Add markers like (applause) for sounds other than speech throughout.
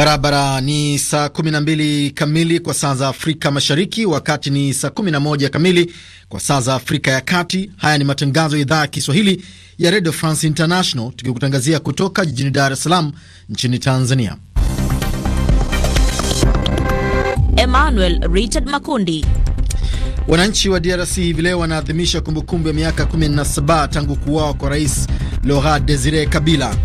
Barabara ni saa 12 kamili kwa saa za Afrika Mashariki, wakati ni saa 11 kamili kwa saa za Afrika ya Kati. Haya ni matangazo ya idhaa ya Kiswahili ya Radio France International, tukikutangazia kutoka jijini Dar es Salaam nchini Tanzania. Emmanuel Richard Makundi. Wananchi wa DRC hivi leo wanaadhimisha kumbukumbu ya miaka 17 tangu kuuawa kwa Rais Laurent Desire Kabila.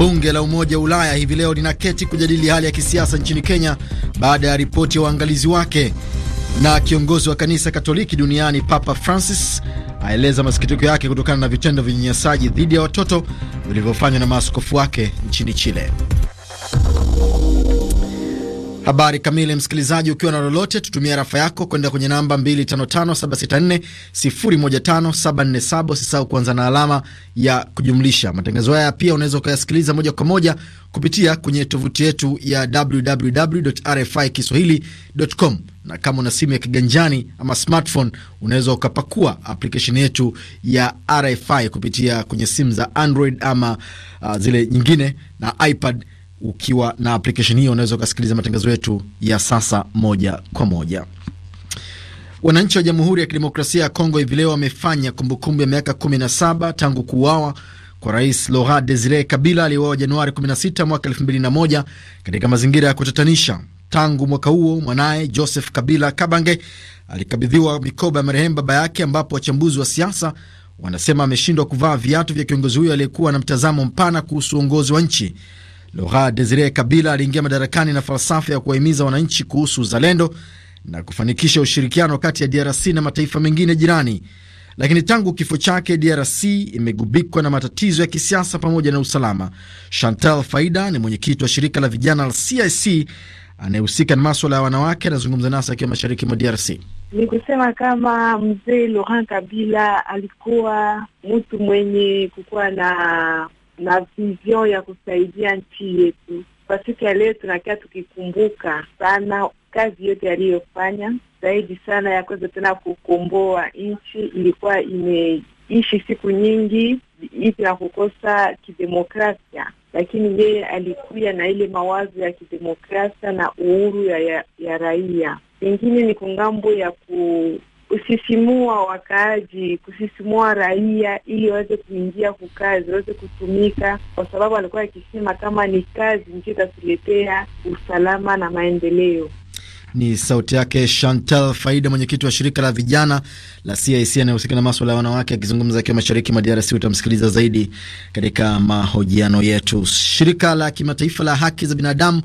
Bunge la Umoja wa Ulaya hivi leo linaketi kujadili hali ya kisiasa nchini Kenya baada ya ripoti ya waangalizi wake. Na kiongozi wa kanisa Katoliki duniani Papa Francis aeleza masikitiko yake kutokana na vitendo vya unyanyasaji dhidi ya watoto vilivyofanywa na maaskofu wake nchini Chile. Habari kamili, msikilizaji, ukiwa na lolote, tutumia rafa yako kwenda kwenye namba 255764015747. Usisahau kuanza na alama ya kujumlisha. Matangazo haya pia unaweza ukayasikiliza moja kwa moja kupitia kwenye tovuti yetu ya www.rfikiswahili.com, na kama una simu ya kiganjani ama smartphone, unaweza ukapakua application yetu ya RFI kupitia kwenye simu za Android ama uh, zile nyingine na iPad ukiwa na application hiyo unaweza ukasikiliza matangazo yetu ya sasa moja kwa moja. Wananchi wa Jamhuri ya Kidemokrasia ya Kongo hivi leo wamefanya kumbukumbu ya miaka 17 tangu kuuawa kwa Rais Laurent Desire Kabila aliyeuawa Januari 16 mwaka 2001 katika mazingira ya kutatanisha. Tangu mwaka huo mwanaye Joseph Kabila Kabange alikabidhiwa mikoba ya marehemu baba yake, ambapo wachambuzi wa siasa wanasema ameshindwa kuvaa viatu vya kiongozi huyo aliyekuwa na mtazamo mpana kuhusu uongozi wa nchi. Laurent Desire Kabila aliingia madarakani na falsafa ya kuwahimiza wananchi kuhusu uzalendo na kufanikisha ushirikiano kati ya DRC na mataifa mengine jirani, lakini tangu kifo chake DRC imegubikwa na matatizo ya kisiasa pamoja na usalama. Chantal Faida ni mwenyekiti wa shirika la vijana la CIC anayehusika na maswala ya wanawake, anazungumza nasi akiwa mashariki mwa DRC. Ni kusema kama mzee Laurent Kabila alikuwa mtu mwenye kukuwa na na vision ya kusaidia nchi yetu. Kwa siku ya leo tunakia tukikumbuka sana kazi yote aliyofanya, zaidi sana ya kuweza tena kukomboa nchi ilikuwa imeishi siku nyingi hivi na kukosa kidemokrasia, lakini yeye alikuya na ile mawazo ya kidemokrasia na uhuru ya, ya, ya raia. Pengine ni ngambo ya ku kusisimua wakaaji, kusisimua raia ili waweze kuingia kukazi, waweze kutumika, kwa sababu alikuwa akisema kama ni kazi ndio itatuletea usalama na maendeleo. Ni sauti yake Chantal Faida, mwenyekiti wa shirika la vijana la CIC anayehusika na maswala ya wanawake, akizungumza akiwa mashariki mwa DRC. Utamsikiliza zaidi katika mahojiano yetu. Shirika la kimataifa la haki za binadamu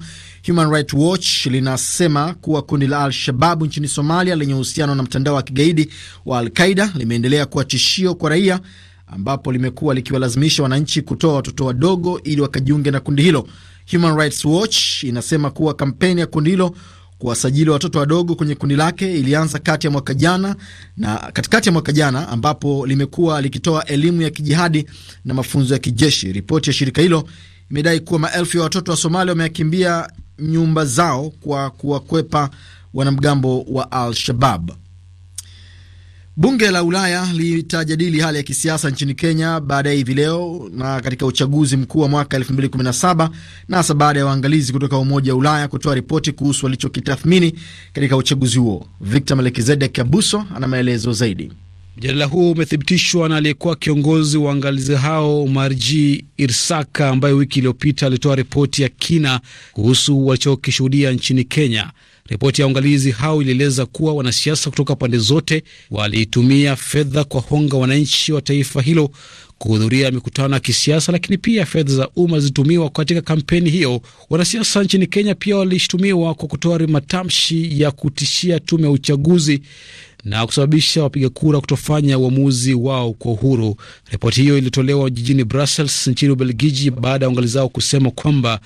Human Rights Watch linasema kuwa kundi la Al-Shababu nchini Somalia lenye uhusiano na mtandao wa kigaidi wa Al-Qaida limeendelea kuwa tishio kwa raia ambapo limekuwa likiwalazimisha wananchi kutoa watoto wadogo ili wakajiunge na kundi hilo. Human Rights Watch inasema kuwa kampeni ya kundi hilo kuwasajili watoto wadogo kwenye kundi lake ilianza kati ya mwaka jana na katikati ya mwaka jana, ambapo limekuwa likitoa elimu ya kijihadi na mafunzo ya kijeshi. Ripoti ya shirika hilo imedai kuwa maelfu ya watoto wa Somalia wameakimbia nyumba zao kwa kuwakwepa wanamgambo wa Al-Shabab. Bunge la Ulaya litajadili hali ya kisiasa nchini Kenya baadaye hivi leo na katika uchaguzi mkuu wa mwaka 2017 na hasa baada ya waangalizi kutoka Umoja wa Ulaya kutoa ripoti kuhusu walichokitathmini katika uchaguzi huo. Victor melkizedek Abuso ana maelezo zaidi. Mjadala huo umethibitishwa na aliyekuwa kiongozi wa waangalizi hao Marji Irsaka, ambaye wiki iliyopita alitoa ripoti ya kina kuhusu walichokishuhudia nchini Kenya. Ripoti ya uangalizi hao ilieleza kuwa wanasiasa kutoka pande zote walitumia fedha kwa honga wananchi wa taifa hilo kuhudhuria mikutano ya kisiasa, lakini pia fedha za umma zilitumiwa katika kampeni hiyo. Wanasiasa nchini Kenya pia walishutumiwa kwa kutoa matamshi ya kutishia tume ya uchaguzi na kusababisha wapiga kura kutofanya uamuzi wao kwa uhuru. Ripoti hiyo ilitolewa jijini Brussels nchini Ubelgiji baada ya zao kusema kwamba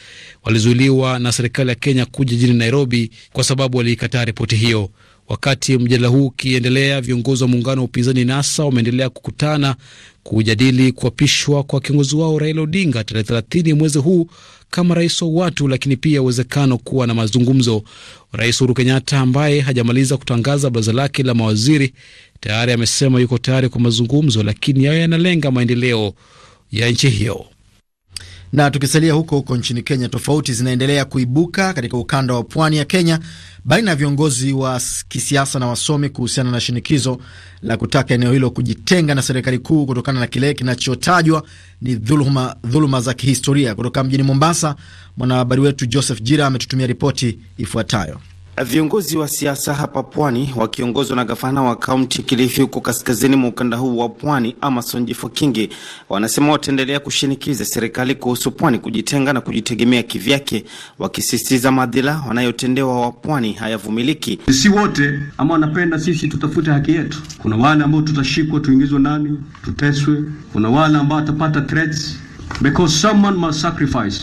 walizuiliwa na serikali ya Kenya kuja jijini Nairobi kwa sababu waliikataa ripoti hiyo. Wakati mjadala huu ukiendelea, viongozi wa muungano wa upinzani NASA wameendelea kukutana kujadili kuapishwa kwa kiongozi wao Raila Odinga tarehe 30 mwezi huu, kama rais wa watu, lakini pia uwezekano kuwa na mazungumzo. Rais Uhuru Kenyatta ambaye hajamaliza kutangaza baraza lake la mawaziri tayari amesema yuko tayari kwa mazungumzo, lakini yayo yanalenga maendeleo ya nchi hiyo. Na tukisalia huko huko nchini Kenya, tofauti zinaendelea kuibuka katika ukanda wa pwani ya Kenya baina ya viongozi wa kisiasa na wasomi kuhusiana na shinikizo la kutaka eneo hilo kujitenga na serikali kuu kutokana na kile kinachotajwa ni dhuluma, dhuluma za kihistoria. Kutoka mjini Mombasa, mwanahabari wetu Joseph Jira ametutumia ripoti ifuatayo. Viongozi wa siasa hapa Pwani wakiongozwa na gavana wa kaunti Kilifi huko kaskazini mwa ukanda huu wa Pwani, Amason Jifo Kingi, wanasema wataendelea kushinikiza serikali kuhusu Pwani kujitenga na kujitegemea kivyake, wakisisitiza madhila wanayotendewa wa Pwani hayavumiliki. Si wote ama wanapenda sisi tutafute haki yetu. Kuna wale ambao tutashikwa, tuingizwe ndani, tuteswe. Kuna wale ambao watapata threats because someone must sacrifice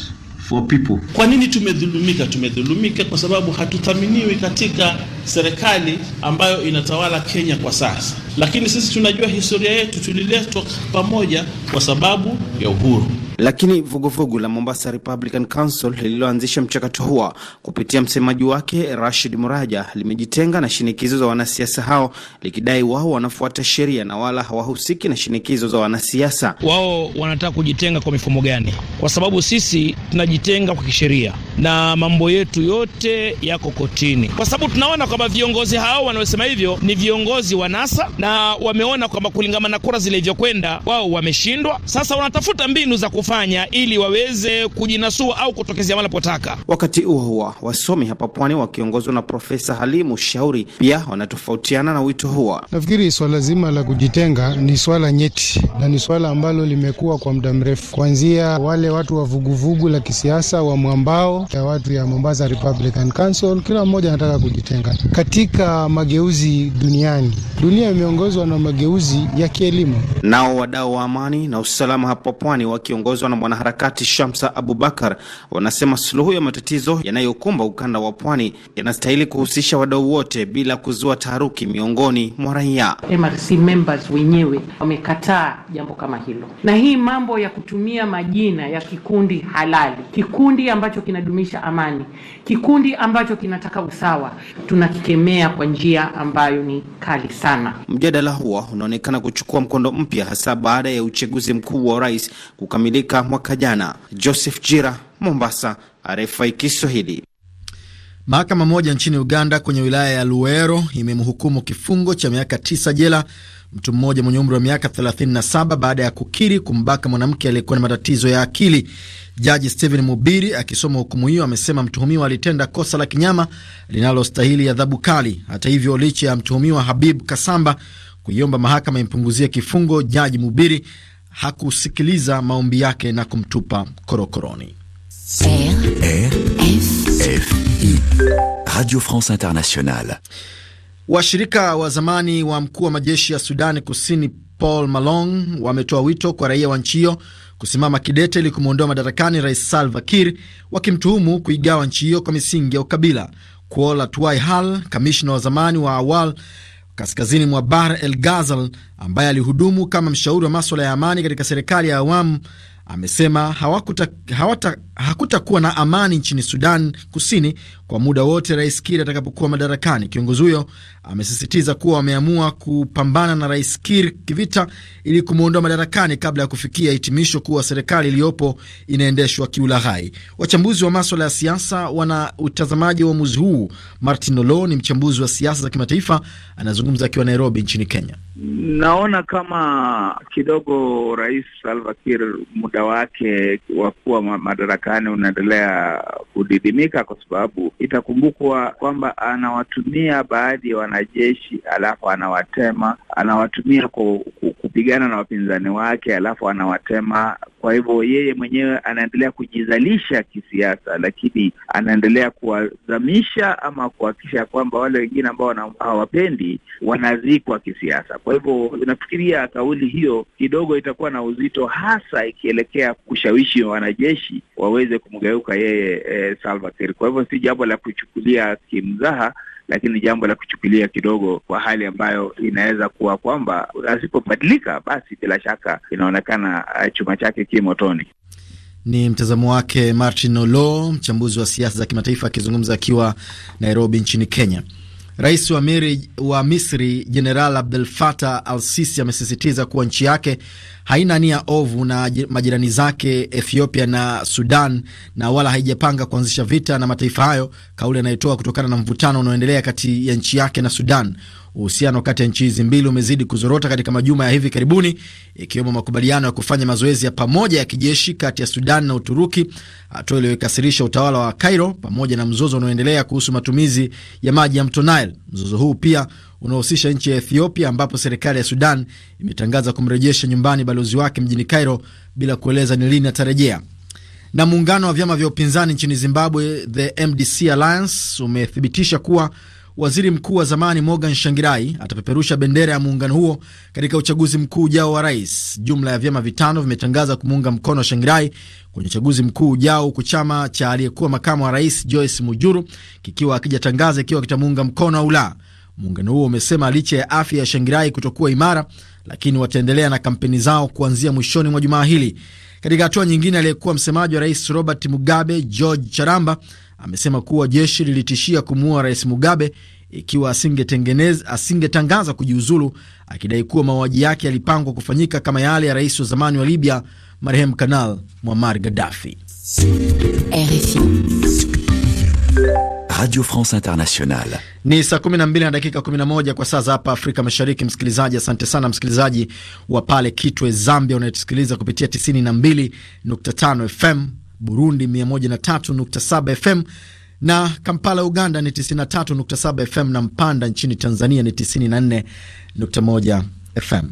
for people. Kwa nini tumedhulumika? Tumedhulumika kwa sababu hatuthaminiwi katika serikali ambayo inatawala Kenya kwa sasa, lakini sisi tunajua historia yetu, tuliletwa pamoja kwa sababu ya uhuru. Lakini vuguvugu vugu la Mombasa Republican Council lililoanzisha mchakato huo kupitia msemaji wake Rashid Muraja limejitenga na shinikizo za wanasiasa hao likidai wao wanafuata sheria na wala hawahusiki na shinikizo za wanasiasa. Wao wanataka kujitenga kwa mifumo gani? Kwa sababu sisi tunajitenga kwa kisheria na mambo yetu yote yako kotini, kwa sababu tunaona kwamba viongozi hao wanaosema hivyo ni viongozi wa NASA na wameona kwamba kulingana na kura zilivyokwenda wao wameshindwa. Sasa wanatafuta mbinu za kufanya ili waweze kujinasua au kutokezea wanapotaka. Wakati huo huo, wasomi hapa pwani wakiongozwa na Profesa Halimu Shauri pia wanatofautiana na wito huo. Nafikiri swala zima la kujitenga ni swala nyeti na ni swala ambalo limekuwa kwa muda mrefu, kuanzia wale watu wa vuguvugu la kisiasa wa mwambao ya watu ya Mombasa Republican Council, kila mmoja anataka kujitenga katika mageuzi duniani. Dunia imeongozwa na mageuzi ya kielimu. Nao wadau wa amani na usalama hapa pwani wakiongozwa wakiongozwa na mwanaharakati Shamsa Abubakar wanasema suluhu ya matatizo yanayokumba ukanda wa pwani yanastahili kuhusisha wadau wote bila kuzua taharuki miongoni mwa raia. MRC members wenyewe wamekataa jambo kama hilo, na hii mambo ya kutumia majina ya kikundi halali, kikundi ambacho kinadumisha amani, kikundi ambacho kinataka usawa, tunakikemea kwa njia ambayo ni kali sana. Mjadala huo unaonekana kuchukua mkondo mpya hasa baada ya uchaguzi mkuu wa rais kukamilika iliyofanyika mwaka jana. Joseph Jira, Mombasa, RFI Kiswahili. Mahakama moja nchini Uganda kwenye wilaya ya Luero imemhukumu kifungo cha miaka tisa jela mtu mmoja mwenye umri wa miaka 37 baada ya kukiri kumbaka mwanamke aliyekuwa na matatizo ya akili. Jaji Stephen Mubiri akisoma hukumu hiyo amesema mtuhumiwa alitenda kosa la kinyama linalostahili adhabu kali. Hata hivyo, licha ya mtuhumiwa Habib Kasamba kuiomba mahakama impunguzie kifungo, Jaji Mubiri hakusikiliza maombi yake na kumtupa korokoroni. RFI Radio France Internationale. Washirika wa zamani wa mkuu wa majeshi ya Sudani Kusini Paul Malong wametoa wito kwa raia wa nchi hiyo kusimama kidete ili kumwondoa madarakani Rais Salva Kiir, wakimtuhumu kuigawa nchi hiyo kwa misingi ya ukabila. Kuola Twai Hal, kamishna wa zamani wa awal kaskazini mwa Bahr el Ghazal, ambaye alihudumu kama mshauri wa maswala ya amani katika serikali ya awamu, amesema hawata, hakutakuwa na amani nchini Sudan Kusini kwa muda wote Rais Kir atakapokuwa madarakani. Kiongozi huyo amesisitiza kuwa wameamua kupambana na Rais Kir kivita ili kumwondoa madarakani kabla ya kufikia hitimisho kuwa serikali iliyopo inaendeshwa kiulaghai. Wachambuzi wa maswala ya siasa wana utazamaji wa uamuzi huu. Martin Olo ni mchambuzi wa siasa za kimataifa, anazungumza akiwa Nairobi nchini Kenya. Naona kama kidogo Rais Salva Kir muda wake wa kuwa Marekani unaendelea kudidimika, kwa sababu itakumbukwa kwamba anawatumia baadhi ya wanajeshi, alafu anawatema, anawatumia kupigana na wapinzani wake, alafu anawatema. Kwa hivyo yeye mwenyewe anaendelea kujizalisha kisiasa, lakini anaendelea kuwazamisha ama kuhakikisha kwamba wale wengine ambao hawapendi wanazikwa kisiasa. Kwa hivyo inafikiria kauli hiyo kidogo itakuwa na uzito, hasa ikielekea kushawishi wanajeshi wa aweze kumgeuka yeye e, Salva Kiir. Kwa hivyo si jambo la kuchukulia kimzaha, lakini jambo la kuchukulia kidogo kwa hali ambayo inaweza kuwa kwamba asipobadilika, basi bila shaka inaonekana eh, chuma chake ki motoni. Ni mtazamo wake Martin Olo, mchambuzi wa siasa za kimataifa akizungumza akiwa Nairobi nchini Kenya. Rais wa, miri, wa Misri Jeneral Abdel Fattah Al Sisi amesisitiza kuwa nchi yake haina nia ovu na majirani zake Ethiopia na Sudan na wala haijapanga kuanzisha vita na mataifa hayo, kauli anayotoa kutokana na mvutano unaoendelea kati ya nchi yake na Sudan. Uhusiano kati ya nchi hizi mbili umezidi kuzorota katika majuma ya hivi karibuni, ikiwemo makubaliano ya kufanya mazoezi ya pamoja ya kijeshi kati ya Sudan na Uturuki, hatua iliyokasirisha utawala wa Cairo, pamoja na mzozo unaoendelea kuhusu matumizi ya maji ya mto Nile. Mzozo huu pia unaohusisha nchi ya Ethiopia, ambapo serikali ya Sudan imetangaza kumrejesha nyumbani balozi wake mjini Cairo bila kueleza ni lini atarejea na muungano wa vyama vya upinzani nchini Zimbabwe, the MDC Alliance umethibitisha kuwa waziri mkuu wa zamani Morgan Shangirai atapeperusha bendera ya muungano huo katika uchaguzi mkuu ujao wa rais. Jumla ya vyama vitano vimetangaza kumuunga mkono Shangirai kwenye uchaguzi mkuu ujao, huku chama cha aliyekuwa makamu wa rais Joyce Mujuru kikiwa akijatangaza ikiwa kitamuunga mkono au la. Muungano huo umesema licha ya afya ya Shangirai kutokuwa imara, lakini wataendelea na kampeni zao kuanzia mwishoni mwa jumaa hili. Katika hatua nyingine, aliyekuwa msemaji wa rais Robert Mugabe George Charamba amesema kuwa jeshi lilitishia kumuua Rais Mugabe ikiwa asingetangaza kujiuzulu, akidai kuwa mauaji yake yalipangwa kufanyika kama yale ya rais wa zamani wa Libya marehemu Kanal Muammar Gaddafi. Radio France Internationale. Ni saa 12 na dakika 11 kwa saa za hapa Afrika Mashariki. Msikilizaji, asante sana msikilizaji wa pale Kitwe, Zambia, unayetusikiliza kupitia 92.5 FM Burundi 103.7 FM na Kampala Uganda ni 93.7 FM na Mpanda nchini Tanzania ni 94.1 FM.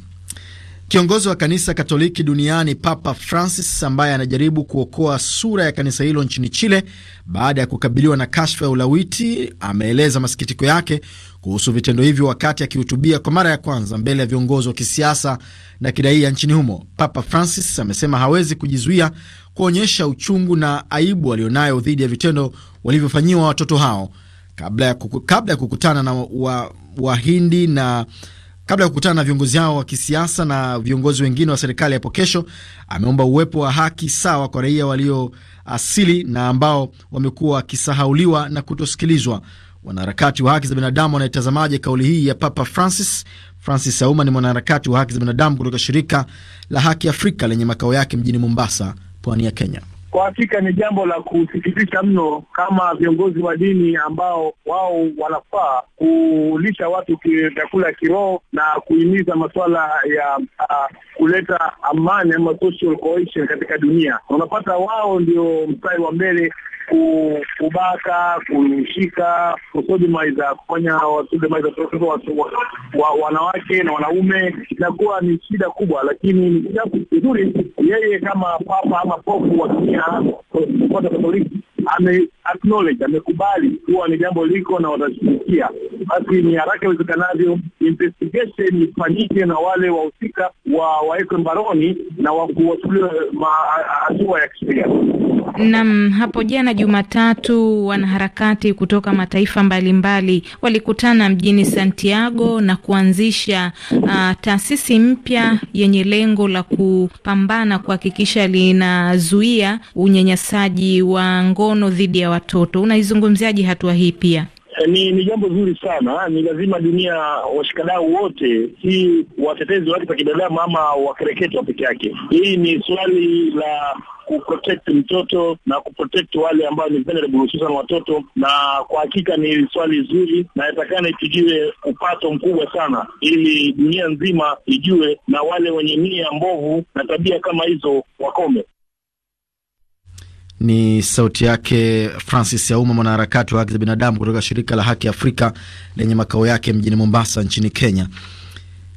Kiongozi wa kanisa Katoliki duniani Papa Francis ambaye anajaribu kuokoa sura ya kanisa hilo nchini Chile baada ya kukabiliwa na kashfa ya ulawiti ameeleza masikitiko yake kuhusu vitendo hivyo wakati akihutubia kwa mara ya kwanza mbele ya viongozi wa kisiasa na kiraia nchini humo. Papa Francis amesema hawezi kujizuia kuonyesha uchungu na aibu walionayo dhidi ya vitendo walivyofanyiwa watoto hao kabla ya kuku, kabla ya kukutana na Wahindi wa na kabla ya kukutana na viongozi hao wa kisiasa na viongozi wengine wa serikali hapo kesho. Ameomba uwepo wa haki sawa kwa raia walio asili na ambao wamekuwa wakisahauliwa na kutosikilizwa. Wanaharakati wa haki za binadamu wanaitazamaje kauli hii ya Papa Francis? Francis Auma ni mwanaharakati wa haki za binadamu kutoka shirika la Haki Afrika lenye makao yake mjini Mombasa, pwani ya Kenya. Kwa hakika ni jambo la kusikitisha mno, kama viongozi wa dini ambao wao wanafaa kulisha watu vyakula kiroho na kuhimiza masuala ya uh, kuleta amani ama social cohesion katika dunia, unapata wao ndio mstari wa mbele kubaka, kushika, kusodimaiza kufanya wasodimiza wanawake na wanaume inakuwa ni shida kubwa, lakini vizuri yeye kama papa ama pofu wa Katoliki ame acknowledge amekubali kuwa ni jambo liko na watashughulikia basi ni haraka iwezekanavyo investigation ifanyike na wale wahusika wa wawekwe mbaroni na wakuwachukuliwa hatua ya kisheria. nam hapo jana Jumatatu, wanaharakati kutoka mataifa mbalimbali walikutana mjini Santiago na kuanzisha uh, taasisi mpya yenye lengo la kupambana kuhakikisha linazuia unyanyasaji wa ngono dhidi ya watoto. Unaizungumziaje hatua hii pia? Eh, ni ni jambo zuri sana. Ni lazima dunia, washikadau wote, si watetezi wa haki za kibinadamu ama wakereketwa peke yake. Hii ni swali la kuprotect mtoto na kuprotect wale ambao ni vulnerable, hususan watoto, na kwa hakika ni swali zuri na inatakana ipigiwe upato mkubwa sana, ili dunia nzima ijue na wale wenye nia mbovu na tabia kama hizo wakome. Ni sauti yake Francis Yauma, mwanaharakati wa haki za binadamu kutoka shirika la Haki Afrika lenye makao yake mjini Mombasa nchini Kenya.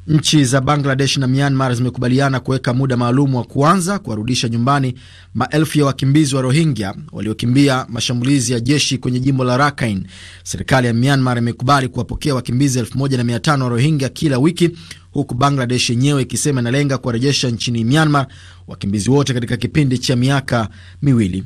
Nchi za Bangladesh na Myanmar zimekubaliana kuweka muda maalum wa kuanza kuwarudisha nyumbani maelfu ya wakimbizi wa Rohingya waliokimbia mashambulizi ya jeshi kwenye jimbo la Rakhine. Serikali ya Myanmar imekubali kuwapokea wakimbizi 1500 wa Rohingya kila wiki, huku Bangladesh yenyewe ikisema inalenga kuwarejesha nchini Myanmar wakimbizi wote katika kipindi cha miaka miwili.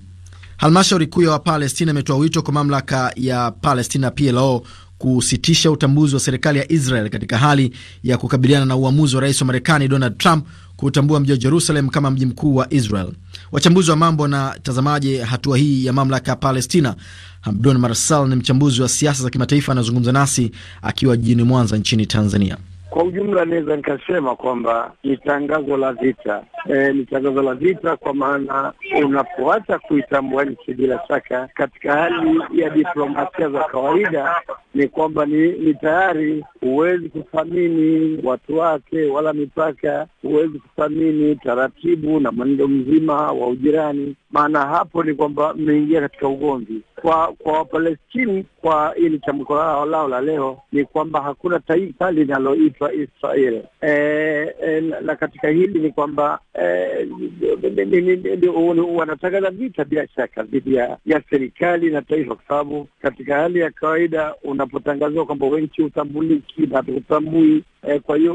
Halmashauri kuu ya Wapalestina imetoa wito kwa mamlaka ya Palestina PLO kusitisha utambuzi wa serikali ya Israel katika hali ya kukabiliana na uamuzi wa rais wa Marekani Donald Trump kutambua mji wa Jerusalem kama mji mkuu wa Israel. Wachambuzi wa mambo na tazamaje hatua hii ya mamlaka ya Palestina? Hamdun Marsal ni mchambuzi wa siasa za kimataifa, anazungumza nasi akiwa jijini Mwanza nchini Tanzania. Kwa ujumla, naweza nikasema kwamba ni tangazo la vita eh, ni tangazo la vita, kwa maana unapoacha kuitambua nchi, bila shaka katika hali ya diplomasia za kawaida ni kwamba ni, ni tayari huwezi kuthamini watu wake wala mipaka, huwezi kuthamini taratibu na mwenendo mzima wa ujirani. Maana hapo ni kwamba mmeingia katika ugomvi. Kwa kwa Wapalestini, kwa ili tamko lao lao la leo ni kwamba hakuna taifa linaloitwa Israel e, eh, e, eh, na katika hili ni kwamba Eh, wanatangaza vita bila shaka dhidi ya serikali na taifa, kwa sababu katika hali ya kawaida unapotangaziwa kwamba wenchi hutambuliki na eh, kwa hiyo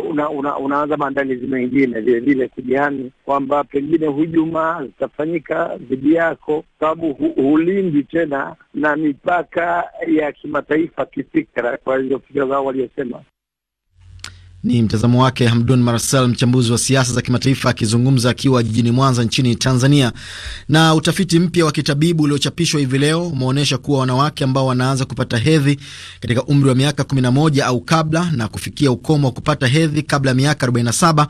unaanza maandalizi mengine vilevile kujihani kwamba pengine hujuma zitafanyika dhidi yako, sababu hulindi tena na mipaka ya kimataifa kifikra, kwa hizo fikira zao waliosema ni mtazamo wake Hamdun Marsal, mchambuzi wa siasa za kimataifa, akizungumza akiwa jijini Mwanza nchini Tanzania. Na utafiti mpya wa kitabibu uliochapishwa hivi leo umeonyesha kuwa wanawake ambao wanaanza kupata hedhi katika umri wa miaka 11 au kabla na kufikia ukomo wa kupata hedhi kabla ya miaka 47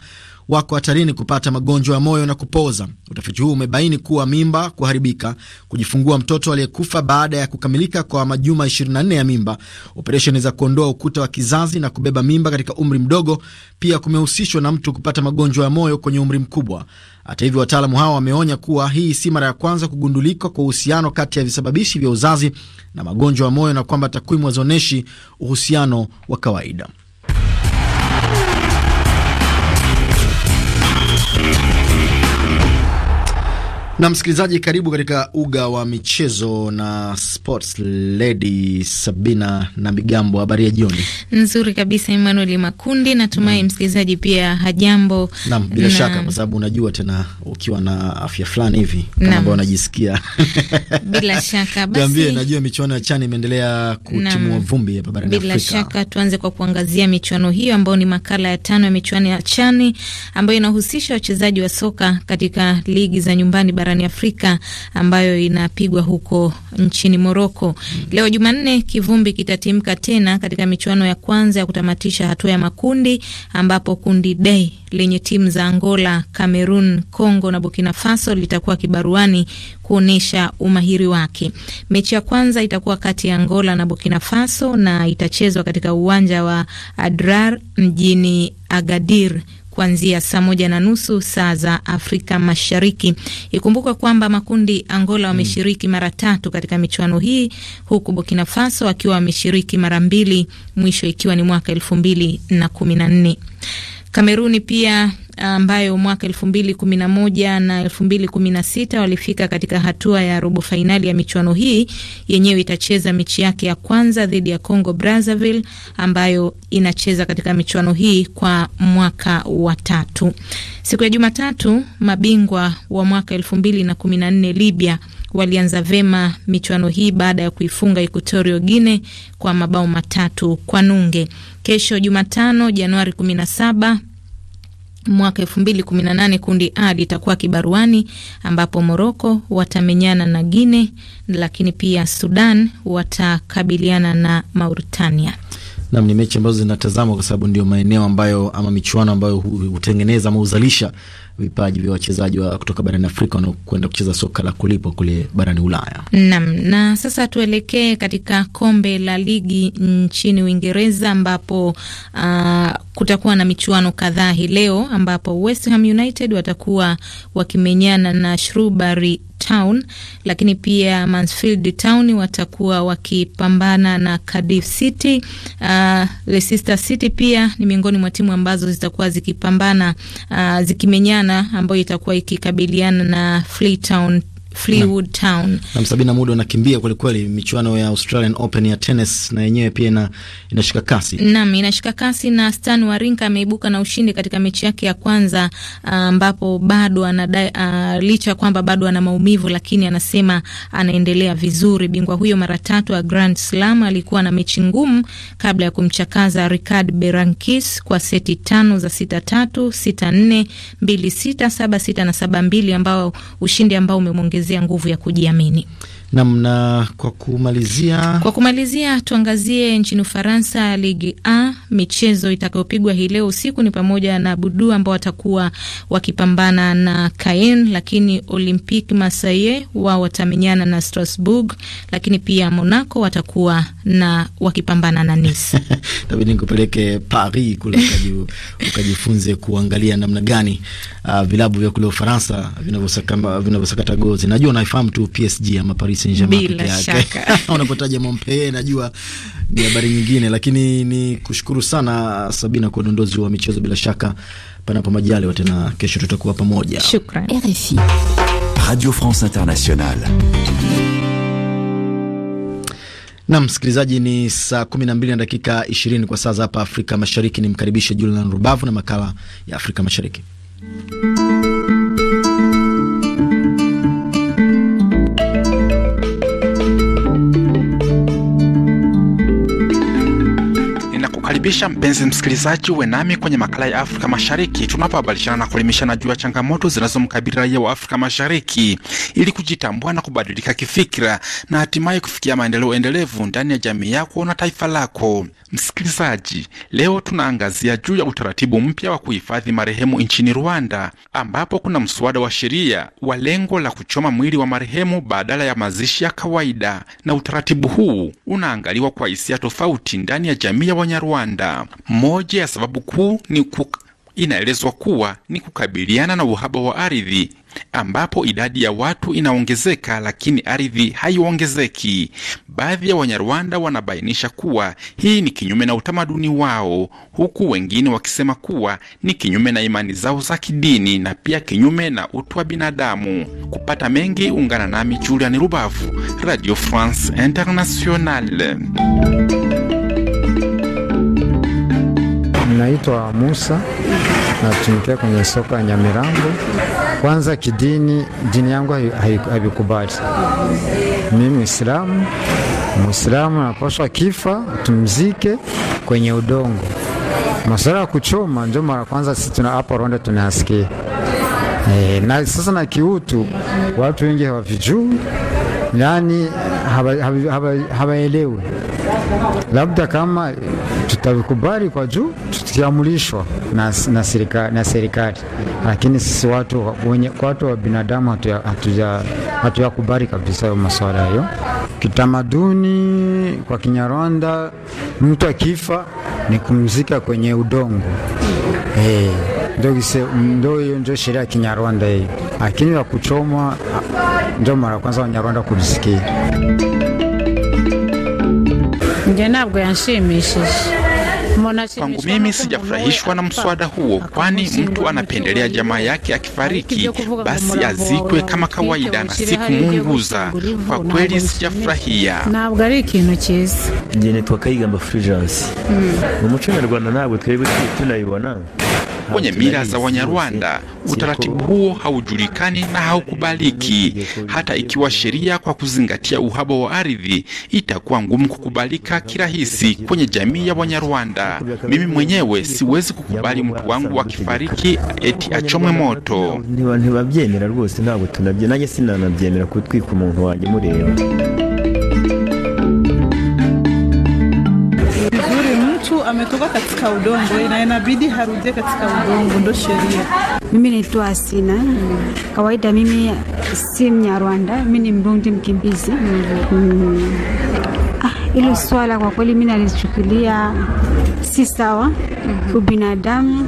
wako hatarini kupata magonjwa ya moyo na kupoza. Utafiti huu umebaini kuwa mimba kuharibika, kujifungua mtoto aliyekufa baada ya kukamilika kwa majuma 24 ya mimba, operesheni za kuondoa ukuta wa kizazi na kubeba mimba katika umri mdogo, pia kumehusishwa na mtu kupata magonjwa ya moyo kwenye umri mkubwa. Hata hivyo, wataalamu hawa wameonya kuwa hii si mara ya kwanza kugundulika kwa uhusiano kati ya visababishi vya uzazi na magonjwa ya moyo na kwamba takwimu hazionyeshi uhusiano wa kawaida. Thank you. Na msikilizaji, karibu katika uga wa michezo na sports. Lady Sabina na Migambo, habari ya jioni. Nzuri kabisa, Emmanuel Makundi, natumai mm. msikilizaji pia hajambo. Naam, bila na... shaka, kwa sababu unajua tena ukiwa na afya fulani hivi kama ambao unajisikia (laughs) bila shaka (laughs) basi niambie, najua michuano ya chani imeendelea kutimua vumbi hapa barani Afrika. Bila shaka tuanze kwa kuangazia michuano hiyo ambayo ni makala ya tano ya michuano ya chani ambayo inahusisha wachezaji wa soka katika ligi za nyumbani barani Afrika ambayo inapigwa huko nchini Moroko. Leo Jumanne, kivumbi kitatimka tena katika michuano ya kwanza ya kutamatisha hatua ya makundi ambapo kundi D lenye timu za Angola, Cameroon, Congo na Burkina Faso litakuwa kibaruani kuonyesha umahiri wake. Mechi ya kwanza itakuwa kati ya Angola na Burkina Faso na itachezwa katika uwanja wa Adrar mjini Agadir kuanzia saa moja na nusu saa za Afrika Mashariki. Ikumbukwe kwamba makundi Angola wameshiriki mara tatu katika michuano hii huku Burkina Faso akiwa wameshiriki mara mbili, mwisho ikiwa ni mwaka elfu mbili na kumi na nne. Kameruni pia ambayo mwaka elfu mbili kumi na moja na elfu mbili kumi na sita walifika katika hatua ya robo fainali ya michuano hii. Yenyewe itacheza mechi yake ya kwanza dhidi ya Congo Brazzaville ambayo inacheza katika michuano hii kwa mwaka wa tatu. Siku ya Jumatatu, mabingwa wa mwaka elfu mbili na kumi na nne Libya walianza vema michuano hii baada ya kuifunga Equatorial Guinea kwa mabao matatu kwa nunge. Kesho Jumatano, Januari kumi na saba mwaka 2018 kundi A litakuwa kibaruani ambapo Moroko watamenyana na Guine, lakini pia Sudan watakabiliana na Mauritania. Nam, ni mechi ambazo zinatazamwa kwa sababu ndio maeneo ambayo ama michuano ambayo hutengeneza ama huzalisha vipaji vya wachezaji wa kutoka barani Afrika wanaokwenda kucheza soka la kulipwa kule barani Ulaya. Nam, na sasa tuelekee katika kombe la ligi nchini Uingereza ambapo uh, Kutakuwa na michuano kadhaa hii leo ambapo West Ham United watakuwa wakimenyana na Shrewsbury Town, lakini pia Mansfield Town watakuwa wakipambana na Cardiff City. Uh, Leicester City pia ni miongoni mwa timu ambazo zitakuwa zikipambana, uh, zikimenyana, ambayo itakuwa ikikabiliana na Freetown Fleetwood Town. Na Msabina Mudo anakimbia kweli kweli, michuano ya Australian Open ya tennis na yenyewe pia ina, inashika kasi. Naam, inashika kasi na Stan Wawrinka ameibuka na ushindi katika mechi yake ya kwanza ah, ambapo bado anadai uh, licha kwamba bado ana maumivu lakini anasema anaendelea vizuri. Bingwa huyo mara tatu wa Grand Slam alikuwa na mechi ngumu kabla ya kumchakaza Ricard Berankis kwa seti tano za sita tatu, sita nne, mbili sita, saba sita na saba mbili ambao ushindi ambao umemwongeza kuongezea nguvu ya kujiamini. Namna kwa kumalizia, kwa kumalizia tuangazie nchini Ufaransa, ligi A. Michezo itakayopigwa hii leo usiku ni pamoja na Budu ambao watakuwa wakipambana na Caen, lakini Olympique Marseille wao watamenyana na Strasbourg, lakini pia Monaco watakuwa na wakipambana na Nice. (laughs) Tabidi nikupeleke Paris kule ukajifunze kuangalia namna gani uh, vilabu vya kule Ufaransa vinavyosakata gozi. Najua unaifahamu tu PSG ama Paris Paris Saint-Germain peke yake. (laughs) Unapotaja Montpellier najua ni habari nyingine, lakini ni kushukuru sana Sabina kwa udondozi wa michezo. Bila shaka panapo majaliwa tena kesho tutakuwa pamoja. Shukrani. RFI. Radio France Internationale. Na msikilizaji, ni saa 12 na dakika 20 kwa saa za hapa Afrika Mashariki. Nimkaribishe Julian Rubavu na makala ya Afrika Mashariki. kukaribisha mpenzi msikilizaji, uwe nami kwenye makala ya Afrika Mashariki tunapohabarishana na kuelimishana juu ya changamoto zinazomkabili raia wa Afrika Mashariki ili kujitambua na kubadilika kifikira na hatimaye kufikia maendeleo endelevu ndani ya jamii yako na taifa lako. Msikilizaji, leo tunaangazia juu ya utaratibu mpya wa kuhifadhi marehemu nchini Rwanda, ambapo kuna mswada wa sheria wa lengo la kuchoma mwili wa marehemu badala ya mazishi ya kawaida, na utaratibu huu unaangaliwa kwa hisia tofauti ndani ya jamii ya Wanyarwanda. Uganda. Moja ya sababu kuu ni kuk... inaelezwa kuwa ni kukabiliana na uhaba wa ardhi ambapo idadi ya watu inaongezeka lakini ardhi haiongezeki. Baadhi ya Wanyarwanda wanabainisha kuwa hii ni kinyume na utamaduni wao, huku wengine wakisema kuwa ni kinyume na imani zao za kidini na pia kinyume na utu wa binadamu. Kupata mengi, ungana nami Julian Rubavu, Radio France Internationale. Naitwa Musa, natumikia kwenye soko ya Nyamirambo. Kwanza kidini, dini yangu haikubali mimi Islamu. Muislamu anapaswa kifa tumzike kwenye udongo. Masuala ya kuchoma ndio mara kwanza sisi tuna hapa Rwanda tunasikia e, eh, na sasa na kiutu, watu wengi hawavijui, yani hawaelewi haba, haba, labda kama tutavikubali kwa juu tukiamrishwa na, na, serikali, na serikali, lakini sisi watu wenye, watu wa binadamu hatujakubali kabisa hiyo masuala hayo. Kitamaduni kwa Kinyarwanda, mtu akifa ni kumzika kwenye udongo hey. Eh, Ndo hiyo ndio sheria ya Kinyarwanda hiyo, lakini ya kuchomwa ndio mara kwanza Wanyarwanda kulisikia njye ntabwo yanshimishije Kwangu mimi sijafurahishwa na mswada huo, kwani mtu anapendelea jamaa yake akifariki basi azikwe kama kawaida na si kumunguza. Kwa kweli sijafurahia. ntabwo ari ikintu cyiza. Njye nitwa Kayigamba Fulgence. Mu hmm. muco nyarwanda ntabwo twebwe tunayibona kwenye mila za Wanyarwanda. Utaratibu huo haujulikani na haukubaliki, hata ikiwa sheria kwa kuzingatia uhaba wa ardhi itakuwa ngumu kukubalika kirahisi kwenye jamii ya Wanyarwanda. Mimi mwenyewe siwezi kukubali mtu wangu akifariki eti achomwe moto. ntibabyemera rwose ntabwo tunabyemera nanjye sinanabyemera kutwika umuntu wanjye mureba ametoka katika udongo na inabidi harudie katika udongo, ndo sheria. Mimi naitwa Asina. mm. Kawaida mimi si Mnyarwanda, mimi ni Mrundi mkimbizi. mm. Mm. swala kwa kweli mi nalichukulia si sawa. mm -hmm. Ubinadamu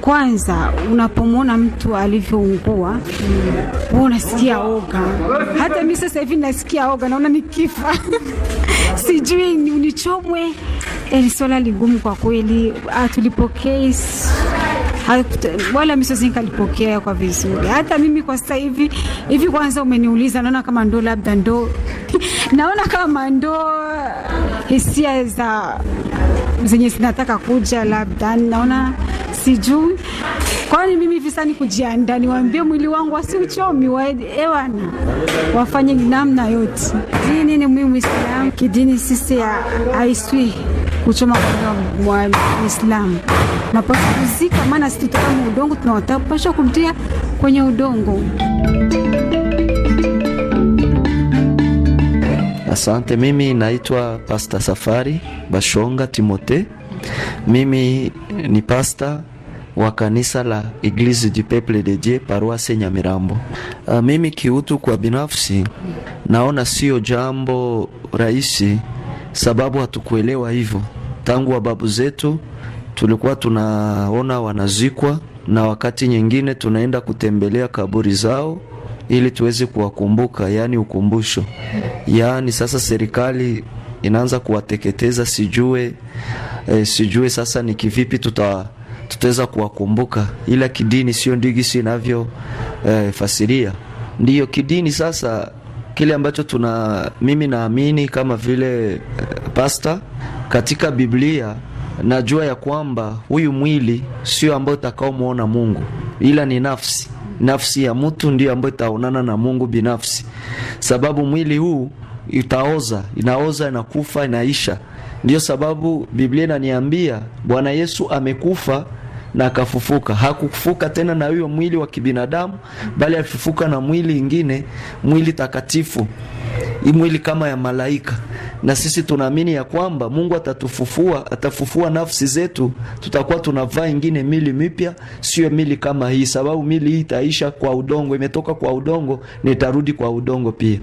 kwanza unapomwona mtu alivyoungua mm. Unasikia oga. Hata mi sasa hivi nasikia oga, naona (laughs) ni kifa sijui unichomwe ni swala ligumu kwa kweli, tulipokea wala misosinka alipokea kwa vizuri. Hata mimi kwa sasa hivi hivi, kwanza umeniuliza, naona kama ndo labda ndo (laughs) naona kama ndo hisia za zenye zinataka kuja, labda naona sijui kwani mimi hivi ni kujianda niwaambie mwili wangu wasiuchomi, ewana wafanye namna yote. Dini ni muhimu, Islam kidini sisi haiswi kuchoma wa Uislamu napasa kuzika, maana situtakama udongo, tunawatapasha kumtia kwenye udongo. Asante, mimi naitwa Pasta Safari Bashonga Timote. Mimi ni pasta wa kanisa la Eglise du Peuple de Dieu paroisse Nyamirambo. Ah, mimi kiutu kwa binafsi naona sio jambo rahisi sababu hatukuelewa hivyo. Tangu wababu zetu tulikuwa tunaona wanazikwa, na wakati nyingine tunaenda kutembelea kaburi zao ili tuweze kuwakumbuka, yaani ukumbusho. Yaani sasa serikali inaanza kuwateketeza, sijue e, sijue sasa ni kivipi tuta tutaweza kuwakumbuka, ila kidini sio ndigi sinavyo inavyo eh, fasiria ndiyo kidini sasa kile ambacho tuna mimi naamini kama vile eh, pasta katika Biblia najua ya kwamba huyu mwili sio ambayo utakaomwona Mungu, ila ni nafsi. Nafsi ya mtu ndiyo ambayo itaonana na Mungu binafsi, sababu mwili huu itaoza, inaoza, inakufa, inaisha. Ndiyo sababu Biblia inaniambia Bwana Yesu amekufa na akafufuka. Hakufufuka tena na huyo mwili wa kibinadamu, bali alifufuka na mwili ingine, mwili takatifu, hii mwili kama ya malaika. Na sisi tunaamini ya kwamba Mungu atatufufua, atafufua nafsi zetu, tutakuwa tunavaa ingine mili mipya, sio mili kama hii, sababu mili hii itaisha kwa udongo, imetoka kwa udongo na itarudi kwa udongo pia.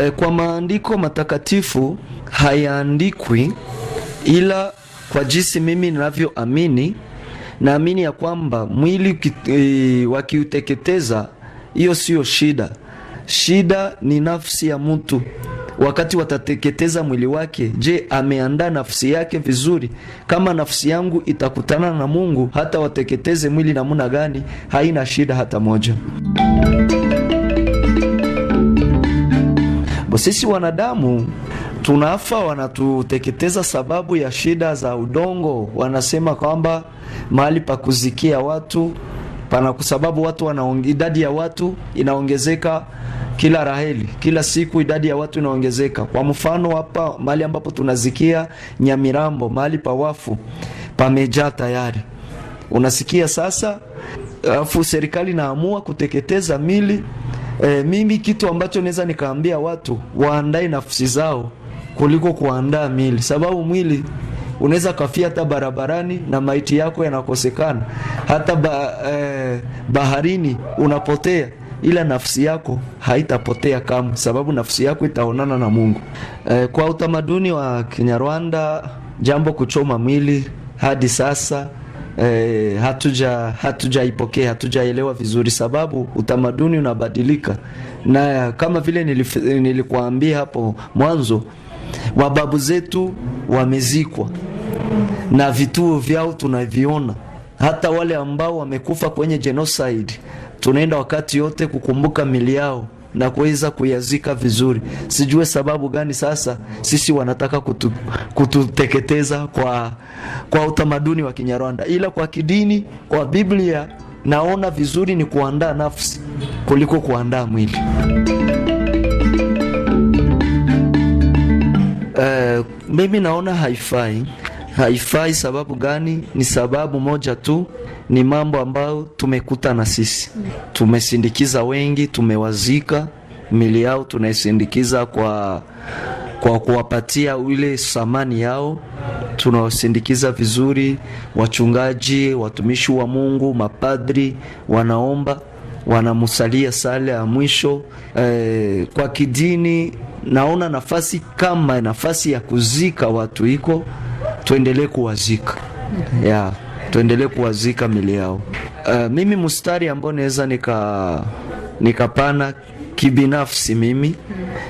E, kwa maandiko matakatifu hayaandikwi ila kwa jinsi mimi ninavyoamini naamini ya kwamba mwili e, wakiuteketeza hiyo sio shida. Shida ni nafsi ya mtu wakati watateketeza mwili wake. Je, ameandaa nafsi yake vizuri? Kama nafsi yangu itakutana na Mungu, hata wateketeze mwili namuna gani, haina shida hata moja. Sisi wanadamu tunafa, wanatuteketeza sababu ya shida za udongo. Wanasema kwamba mahali pa kuzikia watu pana, kwa sababu watu wana idadi ya watu inaongezeka kila raheli kila siku idadi ya watu inaongezeka. Kwa mfano hapa mahali ambapo tunazikia Nyamirambo, mahali pa wafu pamejaa tayari, unasikia sasa. Alafu serikali inaamua kuteketeza mili. E, mimi kitu ambacho naweza nikaambia watu waandae nafsi zao kuliko kuandaa mili, sababu mwili unaweza kafia hata barabarani na maiti yako yanakosekana, hata ba, eh, baharini unapotea, ila nafsi yako haitapotea kamwe, sababu nafsi yako itaonana na Mungu. Eh, kwa utamaduni wa Kinyarwanda, jambo kuchoma mwili hadi sasa eh, hatuja hatujaipokea hatujaelewa vizuri, sababu utamaduni unabadilika, na kama vile nilikuambia hapo mwanzo Wababu zetu wamezikwa na vituo vyao tunaviona, hata wale ambao wamekufa kwenye genocide tunaenda wakati yote kukumbuka mili yao na kuweza kuyazika vizuri. Sijue sababu gani sasa sisi wanataka kutu, kututeketeza kwa, kwa utamaduni wa Kinyarwanda, ila kwa kidini, kwa Biblia naona vizuri ni kuandaa nafsi kuliko kuandaa mwili. Mimi naona haifai. Haifai sababu gani? Ni sababu moja tu, ni mambo ambayo tumekuta na sisi, tumesindikiza wengi, tumewazika mili yao, tunaisindikiza kwa kwa kuwapatia ile samani yao, tunawasindikiza vizuri, wachungaji, watumishi wa Mungu, mapadri wanaomba, wanamusalia sala ya mwisho eh, kwa kidini naona nafasi kama nafasi ya kuzika watu iko, tuendelee kuwazika ya yeah, tuendelee kuwazika mili yao. Uh, mimi mstari ambao naweza nika nikapana Kibinafsi mimi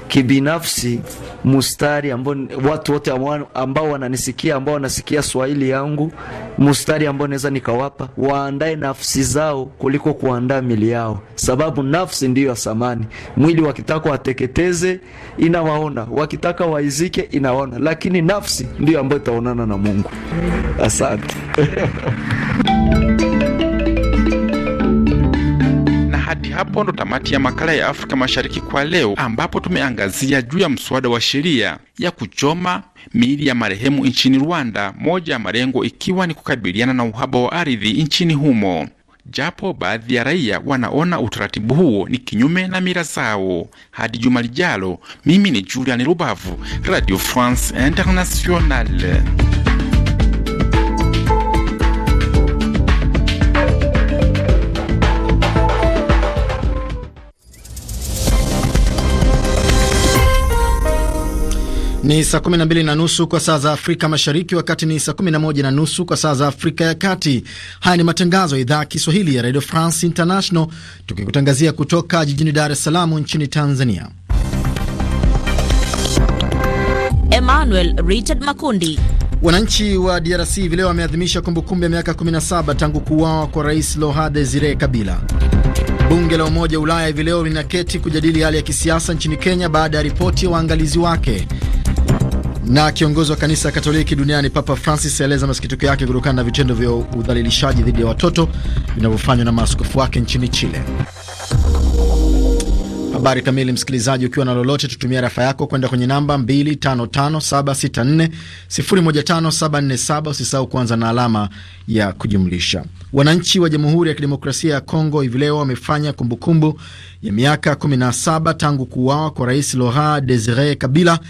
kibinafsi, mustari ambao watu wote ambao wananisikia ambao wanasikia Swahili yangu, mustari ambao naweza nikawapa, waandae nafsi zao kuliko kuandaa mili yao, sababu nafsi ndiyo ya samani Mwili wakitaka wateketeze, inawaona, wakitaka waizike, inawaona, lakini nafsi ndiyo ambayo itaonana na Mungu. Asante. (laughs) hadi hapo ndo tamati ya makala ya Afrika Mashariki kwa leo, ambapo tumeangazia juu ya mswada wa sheria ya kuchoma miili ya marehemu nchini Rwanda, moja ya malengo ikiwa ni kukabiliana na uhaba wa ardhi nchini humo, japo baadhi ya raia wanaona utaratibu huo ni kinyume na mila zao. Hadi juma lijalo, mimi ni Julian Rubavu, Radio France Internationale. Ni saa 12 na nusu kwa saa za Afrika Mashariki, wakati ni saa 11 na nusu kwa saa za Afrika ya Kati. Haya ni matangazo ya idhaa ya Kiswahili ya Radio France International, tukikutangazia kutoka jijini Dar es Salaam nchini Tanzania. Emmanuel Richard Makundi. Wananchi wa DRC hivi leo wameadhimisha kumbukumbu ya miaka 17 tangu kuuawa kwa Rais Laurent Desire Kabila. Bunge la Umoja wa Ulaya hivi leo linaketi kujadili hali ya kisiasa nchini Kenya baada ya ripoti ya waangalizi wake. Na kiongozi wa kanisa Katoliki duniani Papa Francis aeleza masikitiko yake kutokana na vitendo vya udhalilishaji dhidi ya watoto vinavyofanywa na maaskofu wake nchini Chile. Habari kamili, msikilizaji, ukiwa na lolote, tutumia rafa yako kwenda kwenye namba 255764015747. Usisahau kuanza na alama ya kujumlisha. Wananchi wa Jamhuri ya Kidemokrasia ya Kongo hivi leo wamefanya kumbukumbu ya miaka 17 tangu kuuawa kwa Rais Laurent Desire Kabila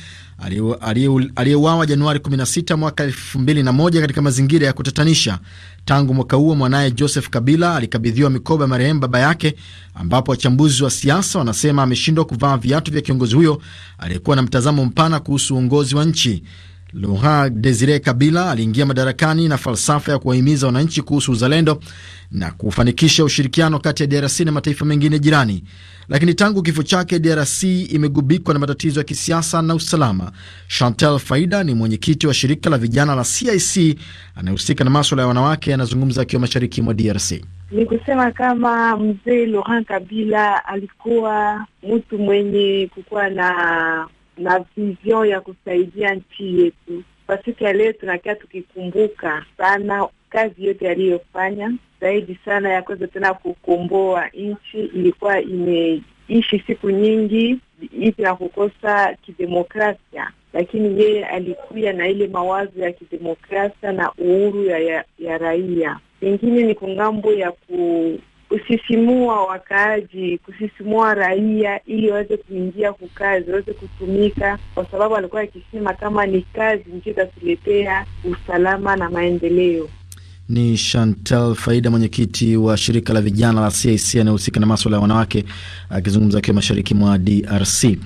aliyeuawa Januari 16 mwaka 2001 katika mazingira ya kutatanisha. Tangu mwaka huo mwanaye Joseph Kabila alikabidhiwa mikoba ya marehemu baba yake, ambapo wachambuzi wa siasa wanasema ameshindwa kuvaa viatu vya kiongozi huyo aliyekuwa na mtazamo mpana kuhusu uongozi wa nchi. Laurent Desire Kabila aliingia madarakani na falsafa ya kuwahimiza wananchi kuhusu uzalendo na kufanikisha ushirikiano kati ya DRC na mataifa mengine jirani lakini tangu kifo chake DRC imegubikwa na matatizo ya kisiasa na usalama. Chantal Faida ni mwenyekiti wa shirika la vijana la CIC anayehusika na maswala ya wanawake, anazungumza akiwa mashariki mwa DRC. Ni kusema kama mzee Laurent Kabila alikuwa mtu mwenye kukuwa na na vision ya kusaidia nchi yetu. Kwa siku ya leo tunakia tukikumbuka sana kazi yote aliyofanya zaidi sana ya kuweza tena kukomboa nchi. Ilikuwa imeishi siku nyingi ipi na kukosa kidemokrasia, lakini yeye alikuya na ile mawazo ya kidemokrasia na uhuru ya, ya, ya raia. Pengine ni kwa ngambo ya ku kusisimua wakaaji, kusisimua raia ili waweze kuingia kukazi, waweze kutumika, kwa sababu alikuwa akisema kama ni kazi ndio itatuletea usalama na maendeleo. Ni Chantal Faida, mwenyekiti wa shirika la vijana la CIC anayehusika na maswala ya wanawake, akizungumza akiwa mashariki mwa DRC.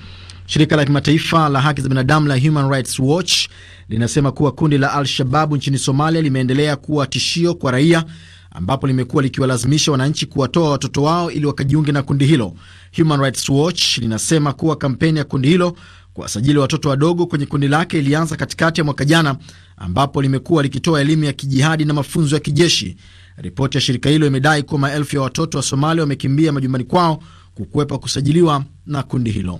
Shirika la kimataifa la haki za binadamu la Human Rights Watch linasema kuwa kundi la Al-Shababu nchini Somalia limeendelea kuwa tishio kwa raia, ambapo limekuwa likiwalazimisha wananchi kuwatoa watoto wao ili wakajiunge na kundi hilo. Human Rights Watch linasema kuwa kampeni ya kundi hilo Kuwasajili watoto wadogo kwenye kundi lake ilianza katikati ya mwaka jana, ambapo limekuwa likitoa elimu ya kijihadi na mafunzo ya kijeshi. Ripoti ya shirika hilo imedai kuwa maelfu ya watoto wa Somalia wamekimbia majumbani kwao kukwepa kusajiliwa na kundi hilo.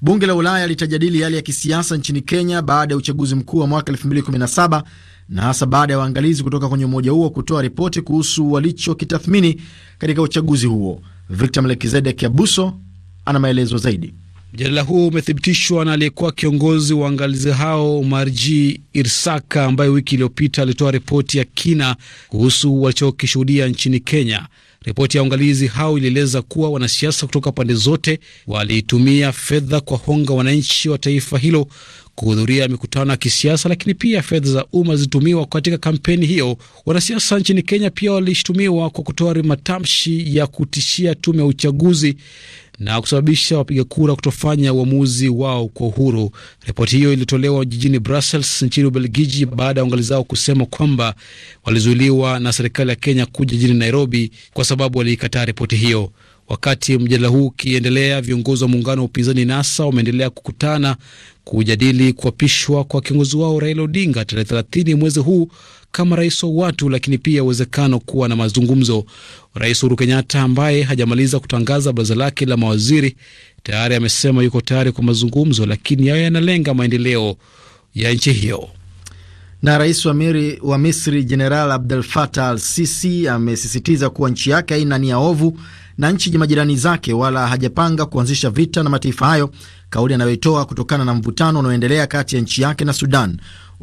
Bunge la Ulaya litajadili hali ya kisiasa nchini Kenya baada ya uchaguzi mkuu wa mwaka 2017 na hasa baada ya waangalizi kutoka kwenye umoja huo kutoa ripoti kuhusu walichokitathmini katika uchaguzi huo. Victor Melkizedek Abuso ana maelezo zaidi. Mjadala huo umethibitishwa na aliyekuwa kiongozi wa waangalizi hao Marji Irsaka, ambaye wiki iliyopita alitoa ripoti ya kina kuhusu walichokishuhudia nchini Kenya. Ripoti ya uangalizi hao ilieleza kuwa wanasiasa kutoka pande zote walitumia fedha kwa honga wananchi wa taifa hilo kuhudhuria mikutano ya kisiasa, lakini pia fedha za umma zilitumiwa katika kampeni hiyo. Wanasiasa nchini Kenya pia walishitumiwa kwa kutoa matamshi ya kutishia tume ya uchaguzi na kusababisha wapiga kura kutofanya uamuzi wao kwa uhuru. Ripoti hiyo ilitolewa jijini Brussels nchini Ubelgiji baada ya zao kusema kwamba walizuiliwa na serikali ya Kenya kuja jijini Nairobi kwa sababu waliikataa ripoti hiyo. Wakati mjadala huu ukiendelea, viongozi wa muungano wa upinzani NASA wameendelea kukutana kujadili kuapishwa kwa kiongozi wao Raila Odinga tarehe 30 mwezi huu kama rais wa watu, lakini pia uwezekano kuwa na mazungumzo. Rais Uhuru Kenyatta ambaye hajamaliza kutangaza baraza lake la mawaziri tayari amesema yuko tayari kwa mazungumzo, lakini yayo yanalenga maendeleo ya nchi hiyo. Na rais wa, miri, wa Misri Jeneral Abdel Fattah Al Sisi amesisitiza kuwa nchi yake haina nia ovu na nchi majirani zake wala hajapanga kuanzisha vita na mataifa hayo, kauli anayoitoa kutokana na mvutano unaoendelea kati ya nchi yake na Sudan.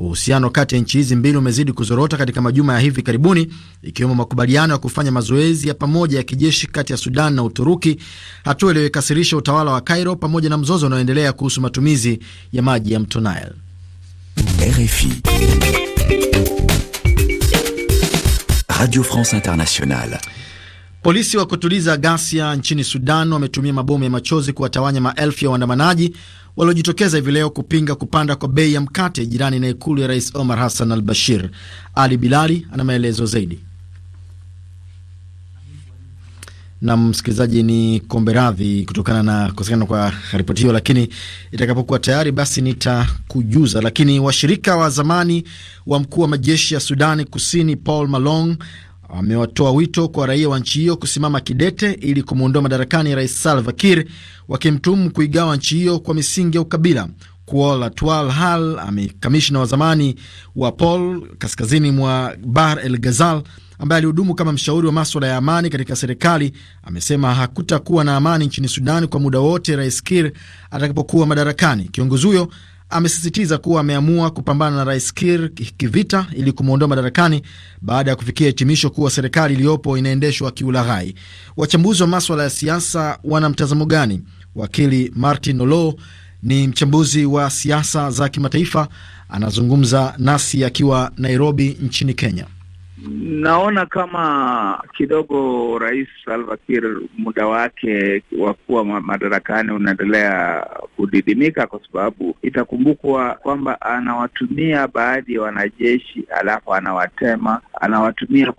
Uhusiano kati ya nchi hizi mbili umezidi kuzorota katika majuma ya hivi karibuni, ikiwemo makubaliano ya kufanya mazoezi ya pamoja ya kijeshi kati ya Sudan na Uturuki, hatua iliyoikasirisha utawala wa Cairo, pamoja na mzozo unaoendelea kuhusu matumizi ya maji ya mto Nile. RFI Radio France Internationale. Polisi wa kutuliza ghasia nchini Sudan wametumia mabomu ya machozi kuwatawanya maelfu ya waandamanaji waliojitokeza hivi leo kupinga kupanda kwa bei ya mkate jirani na ikulu ya Rais Omar Hassan al Bashir. Ali Bilali ana maelezo zaidi. na msikilizaji, ni kombe radhi kutokana na kosekana kwa ripoti hiyo, lakini itakapokuwa tayari basi nitakujuza. Lakini washirika wa zamani wa mkuu wa majeshi ya Sudani Kusini Paul Malong wamewatoa wito kwa raia wa nchi hiyo kusimama kidete ili kumwondoa madarakani Rais Salva Kiir, wakimtuhumu kuigawa nchi hiyo kwa misingi ya ukabila. Kuola Twal Hal, kamishna wa zamani wa Pol kaskazini mwa Bahr el Ghazal, ambaye alihudumu kama mshauri wa maswala ya amani katika serikali, amesema hakutakuwa na amani nchini sudani kwa muda wote Rais Kiir atakapokuwa madarakani. Kiongozi huyo amesisitiza kuwa ameamua kupambana na Rais kir kivita ili kumwondoa madarakani baada ya kufikia hitimisho kuwa serikali iliyopo inaendeshwa kiulaghai. Wachambuzi wa maswala ya siasa wana mtazamo gani? Wakili Martin Olo ni mchambuzi wa siasa za kimataifa, anazungumza nasi akiwa Nairobi nchini Kenya. Naona kama kidogo Rais Salva Kiir muda wake wa kuwa madarakani unaendelea kudidimika, kwa sababu itakumbukwa kwamba anawatumia baadhi ya wanajeshi, alafu anawatema, anawatumia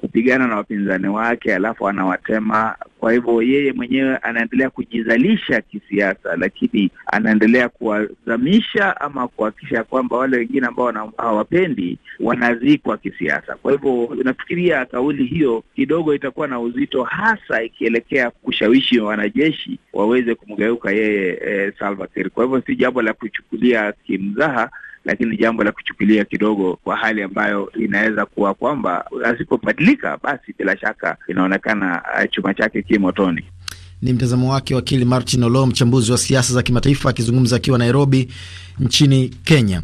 kupigana na wapinzani wake, alafu anawatema. Kwa hivyo yeye mwenyewe anaendelea kujizalisha kisiasa, lakini anaendelea kuwazamisha ama kuhakikisha kwamba wale wengine ambao hawapendi wanazikwa kisiasa. Kwa hivyo nafikiria kauli hiyo kidogo itakuwa na uzito, hasa ikielekea kushawishi wanajeshi waweze kumgeuka yeye e, Salva Kiir. Kwa hivyo si jambo la kuchukulia kimzaha, lakini jambo la kuchukulia kidogo kwa hali ambayo inaweza kuwa kwamba asipobadilika, basi bila shaka inaonekana eh, chuma chake ki motoni. Ni mtazamo wake wakili Martin Olo, mchambuzi wa siasa za kimataifa akizungumza akiwa Nairobi nchini Kenya.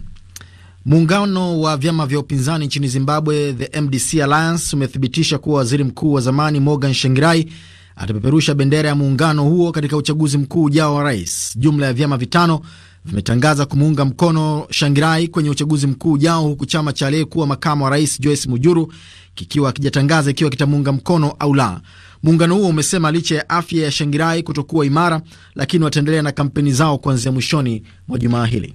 Muungano wa vyama vya upinzani nchini Zimbabwe, the MDC Alliance, umethibitisha kuwa waziri mkuu wa zamani Morgan Shangirai atapeperusha bendera ya muungano huo katika uchaguzi mkuu ujao wa rais. Jumla ya vyama vitano vimetangaza kumuunga mkono Shangirai kwenye uchaguzi mkuu ujao, huku chama cha aliyekuwa makamu wa rais Joyce Mujuru kikiwa akijatangaza ikiwa kitamuunga mkono au la. Muungano huo umesema licha ya afya ya Shangirai kutokuwa imara, lakini wataendelea na kampeni zao kuanzia mwishoni mwa jumaa hili.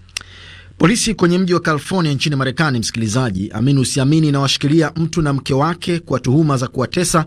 Polisi kwenye mji wa California nchini Marekani, msikilizaji, amini usiamini, inawashikilia mtu na mke wake kwa tuhuma za kuwatesa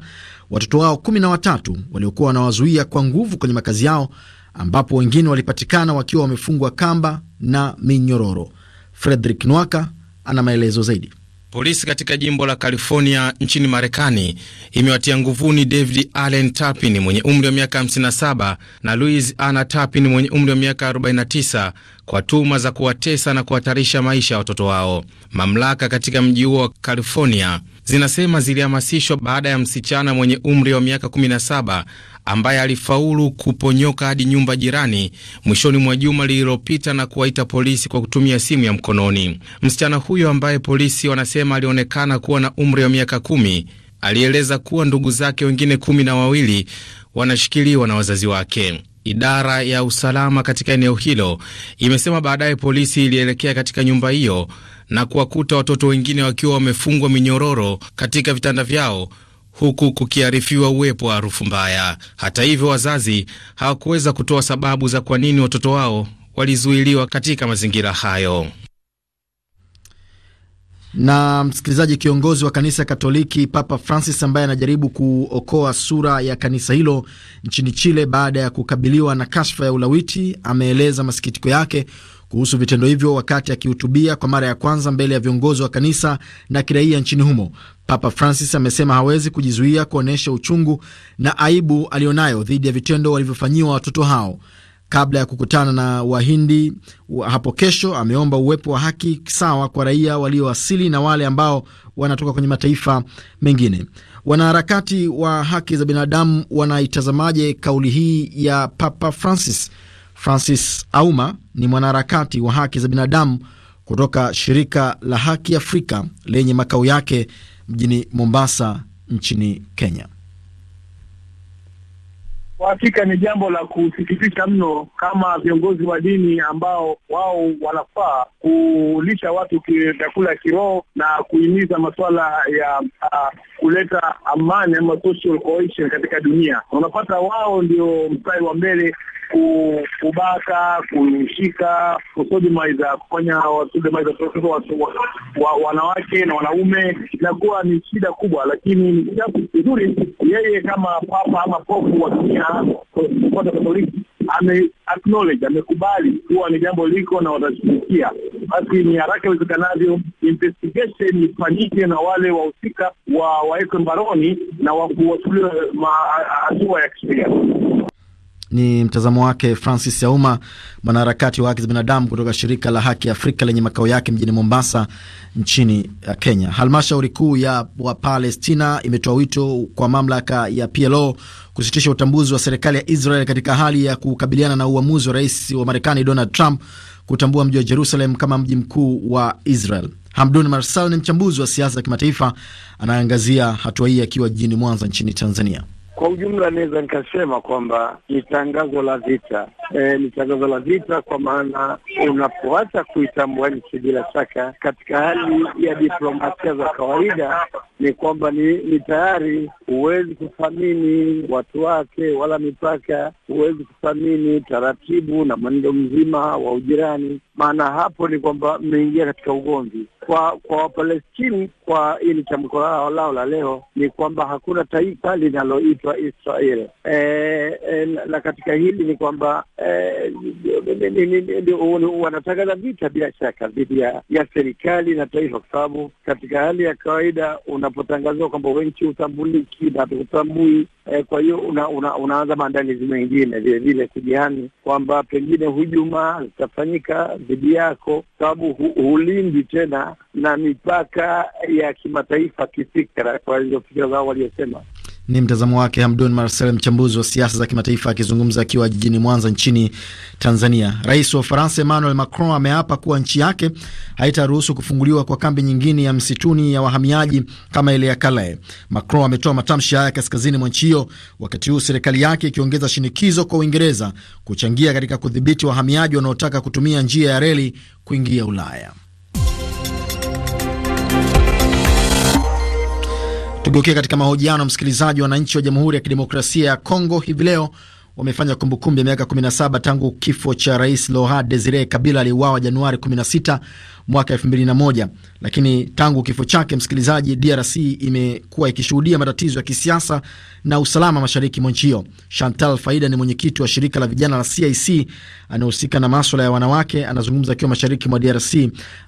watoto wao kumi na watatu waliokuwa wanawazuia kwa nguvu kwenye makazi yao, ambapo wengine walipatikana wakiwa wamefungwa kamba na minyororo. Frederick Nwaka ana maelezo zaidi. Polisi katika jimbo la California nchini Marekani imewatia nguvuni David Allen Tapin mwenye umri wa miaka 57 na Louis Anna Tapin mwenye umri wa miaka 49 kwa tuhuma za kuwatesa na kuhatarisha maisha ya watoto wao. Mamlaka katika mji huo wa California zinasema zilihamasishwa baada ya msichana mwenye umri wa miaka 17 ambaye alifaulu kuponyoka hadi nyumba jirani mwishoni mwa juma lililopita na kuwaita polisi kwa kutumia simu ya mkononi. Msichana huyo ambaye polisi wanasema alionekana kuwa na umri wa miaka kumi alieleza kuwa ndugu zake wengine kumi na wawili wanashikiliwa na wazazi wake. Idara ya usalama katika eneo hilo imesema baadaye polisi ilielekea katika nyumba hiyo na kuwakuta watoto wengine wakiwa wamefungwa minyororo katika vitanda vyao huku kukiarifiwa uwepo wa harufu mbaya. Hata hivyo, wazazi hawakuweza kutoa sababu za kwa nini watoto wao walizuiliwa katika mazingira hayo. Na msikilizaji, kiongozi wa kanisa Katoliki Papa Francis ambaye anajaribu kuokoa sura ya kanisa hilo nchini Chile baada ya kukabiliwa na kashfa ya ulawiti ameeleza masikitiko yake kuhusu vitendo hivyo wakati akihutubia kwa mara ya kwanza mbele ya viongozi wa kanisa na kiraia nchini humo. Papa Francis amesema hawezi kujizuia kuonyesha uchungu na aibu aliyonayo dhidi ya vitendo walivyofanyiwa watoto hao. Kabla ya kukutana na Wahindi hapo kesho, ameomba uwepo wa haki sawa kwa raia walioasili na wale ambao wanatoka kwenye mataifa mengine. Wanaharakati wa haki za binadamu wanaitazamaje kauli hii ya Papa Francis? Francis Auma ni mwanaharakati wa haki za binadamu kutoka shirika la Haki Afrika lenye makao yake mjini Mombasa nchini Kenya. Kwa hakika ni jambo la kusikitisha mno, kama viongozi wa dini ambao wao wanafaa kulisha watu vyakula kiroho na kuhimiza masuala ya uh, kuleta amani ama social cohesion katika dunia, unapata wao ndio mstari wa mbele kubaka, kushika, kusodimaiza, kufanya wasodimaiza wanawake na wanaume inakuwa ni shida kubwa, lakini ni vizuri yeye kama papa ama pofu wa Kenya kupata Katoliki ame acknowledge amekubali kuwa ni jambo liko na watashughulikia. Basi ni haraka iwezekanavyo investigation ifanyike na wale wahusika wa waekwe mbaroni na wakuwachukuliwa hatua ya kisheria. Ni mtazamo wake Francis Yauma, mwanaharakati wa haki za binadamu kutoka shirika la Haki Afrika lenye makao yake mjini Mombasa nchini uh, Kenya. Halmashauri kuu ya Wapalestina imetoa wito kwa mamlaka ya PLO kusitisha utambuzi wa serikali ya Israel katika hali ya kukabiliana na uamuzi wa rais wa Marekani Donald Trump kutambua mji wa Jerusalem kama mji mkuu wa Israel. Hamdun Marsal ni mchambuzi wa siasa za kimataifa anaangazia hatua hii akiwa jijini Mwanza nchini Tanzania. Kwa ujumla naweza nikasema kwamba ni tangazo la vita e, ni tangazo la vita kwa maana unapoacha kuitambua nchi, bila shaka katika hali ya diplomasia za kawaida ni kwamba ni, ni tayari huwezi kuthamini watu wake wala mipaka, huwezi kuthamini taratibu na mwenendo mzima wa ujirani maana hapo ni kwamba mmeingia katika ugomvi. Kwa kwa Wapalestini, kwa ili tamko lao lao la leo ni kwamba hakuna taifa linaloitwa Israel e, e, na katika hili ni kwamba e, wanatangaza vita bila shaka dhidi ya serikali na taifa, kwa sababu katika hali ya kawaida unapotangazwa kwamba wenchi hutambuliki na hatukutambui e, kwa hiyo una, una, unaanza maandalizi mengine vilevile kujihani kwamba pengine hujuma zitafanyika dhidi yako, sababu hulindwi tena na mipaka ya kimataifa kifikra, kwa hizo fikira zao waliosema ni mtazamo wake Hamdun Marcel, mchambuzi wa siasa za kimataifa, akizungumza akiwa jijini Mwanza nchini Tanzania. Rais wa Ufaransa Emmanuel Macron ameapa kuwa nchi yake haitaruhusu kufunguliwa kwa kambi nyingine ya msituni ya wahamiaji kama ile ya Calais. Macron ametoa matamshi haya kaskazini mwa nchi hiyo, wakati huu serikali yake ikiongeza shinikizo kwa Uingereza kuchangia katika kudhibiti wahamiaji wanaotaka kutumia njia ya reli kuingia Ulaya. Tugeukie katika mahojiano. Msikilizaji, wananchi wa Jamhuri ya Kidemokrasia ya Kongo hivi leo wamefanya kumbukumbu ya miaka 17 tangu kifo cha Rais Laurent Desire Kabila aliuawa Januari 16 mwaka moja Lakini tangu kifo chake, msikilizaji, DRC imekuwa ikishuhudia matatizo ya kisiasa na usalama mashariki mwa nchi hiyo. Chantal Faida ni mwenyekiti wa shirika la vijana la CIC anayehusika na maswala ya wanawake, anazungumza akiwa mashariki mwa DRC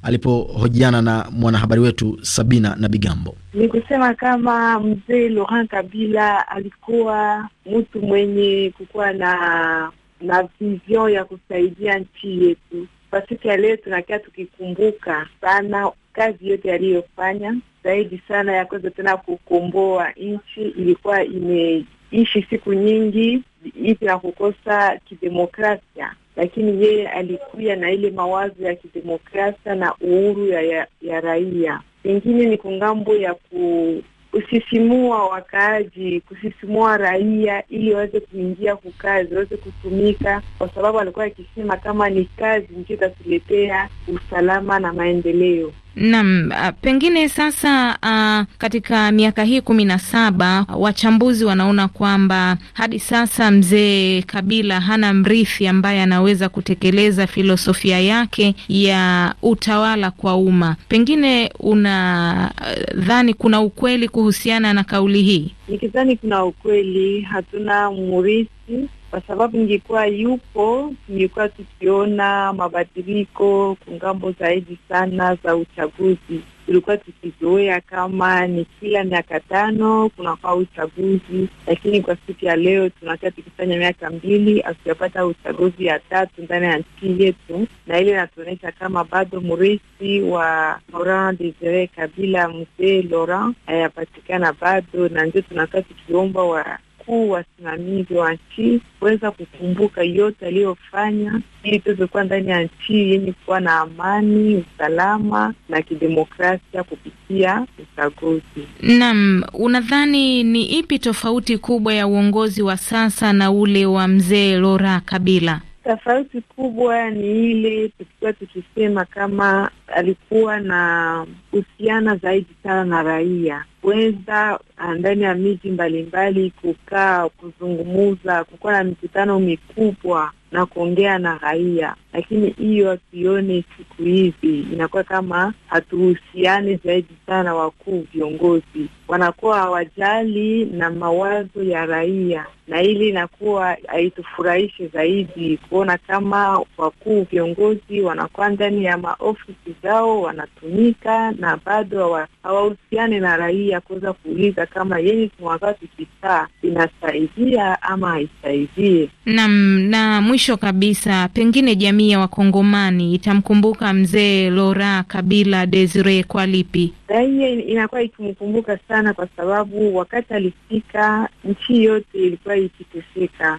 alipohojiana na mwanahabari wetu Sabina na Bigambo. Ni kusema kama mzee Laurent Kabila alikuwa mtu mwenye kukuwa na na vizio ya kusaidia nchi yetu kwa siku ya leo tunakaa tukikumbuka sana kazi yote aliyofanya, zaidi sana ya kwanza tena kukomboa nchi. Ilikuwa imeishi siku nyingi hivi na kukosa kidemokrasia, lakini yeye alikuya na ile mawazo ya kidemokrasia na uhuru ya, ya, ya raia. Pengine ni ngambo ya ku kusisimua wakaaji, kusisimua raia ili waweze kuingia kukazi waweze kutumika, kwa sababu alikuwa akisema kama ni kazi ndio itatuletea usalama na maendeleo. Naam, ah, pengine sasa uh, katika miaka hii kumi na saba wachambuzi wanaona kwamba hadi sasa mzee Kabila hana mrithi ambaye anaweza kutekeleza filosofia yake ya utawala kwa umma. Pengine unadhani ah, uh, kuna ukweli kuhusiana na kauli hii? nikizani kuna ukweli, hatuna murisi kwa sababu ingekuwa yupo, tungekuwa tukiona mabadiliko kungambo zaidi sana za uchaguzi tulikuwa tukizoea kama ni kila miaka tano kunakuwa uchaguzi, lakini kwa siku ya leo tunakuwa tukifanya miaka mbili hatujapata uchaguzi ya tatu ndani ya nchi yetu, na ile inatuonyesha kama bado mrisi wa Laurent Desire Kabila, mzee Laurent hayapatikana bado, na ndio tunakuwa tukiomba wa wakuu wasimamizi wa nchi kuweza kukumbuka yote aliyofanya, ili tuweze kuwa ndani ya nchi yenye kuwa na amani, usalama na kidemokrasia kupitia uchaguzi. Naam, unadhani ni ipi tofauti kubwa ya uongozi wa sasa na ule wa mzee lora Kabila? Tofauti kubwa ni ile tukiwa tukisema kama alikuwa na husiana zaidi sana na raia kuweza ah, ndani ya miji mbalimbali kukaa, kuzungumuza, kukuwa na mikutano mikubwa na kuongea na raia, lakini hiyo hatuione siku hizi. Inakuwa kama hatuhusiani zaidi sana, wakuu viongozi wanakuwa hawajali na mawazo ya raia, na hili inakuwa haitufurahishi zaidi kuona kama wakuu viongozi wanakuwa ndani ya maofisi zao wanatumika na bado hawahusiani na raia ya kuweza kuuliza kama kwa wakati kitaa inasaidia ama haisaidie. Naam. Na mwisho kabisa, pengine jamii ya Wakongomani itamkumbuka mzee Lora Kabila Desire kwa lipi? Raia inakuwa ikimkumbuka sana, kwa sababu wakati alifika nchi yote ilikuwa ikiteseka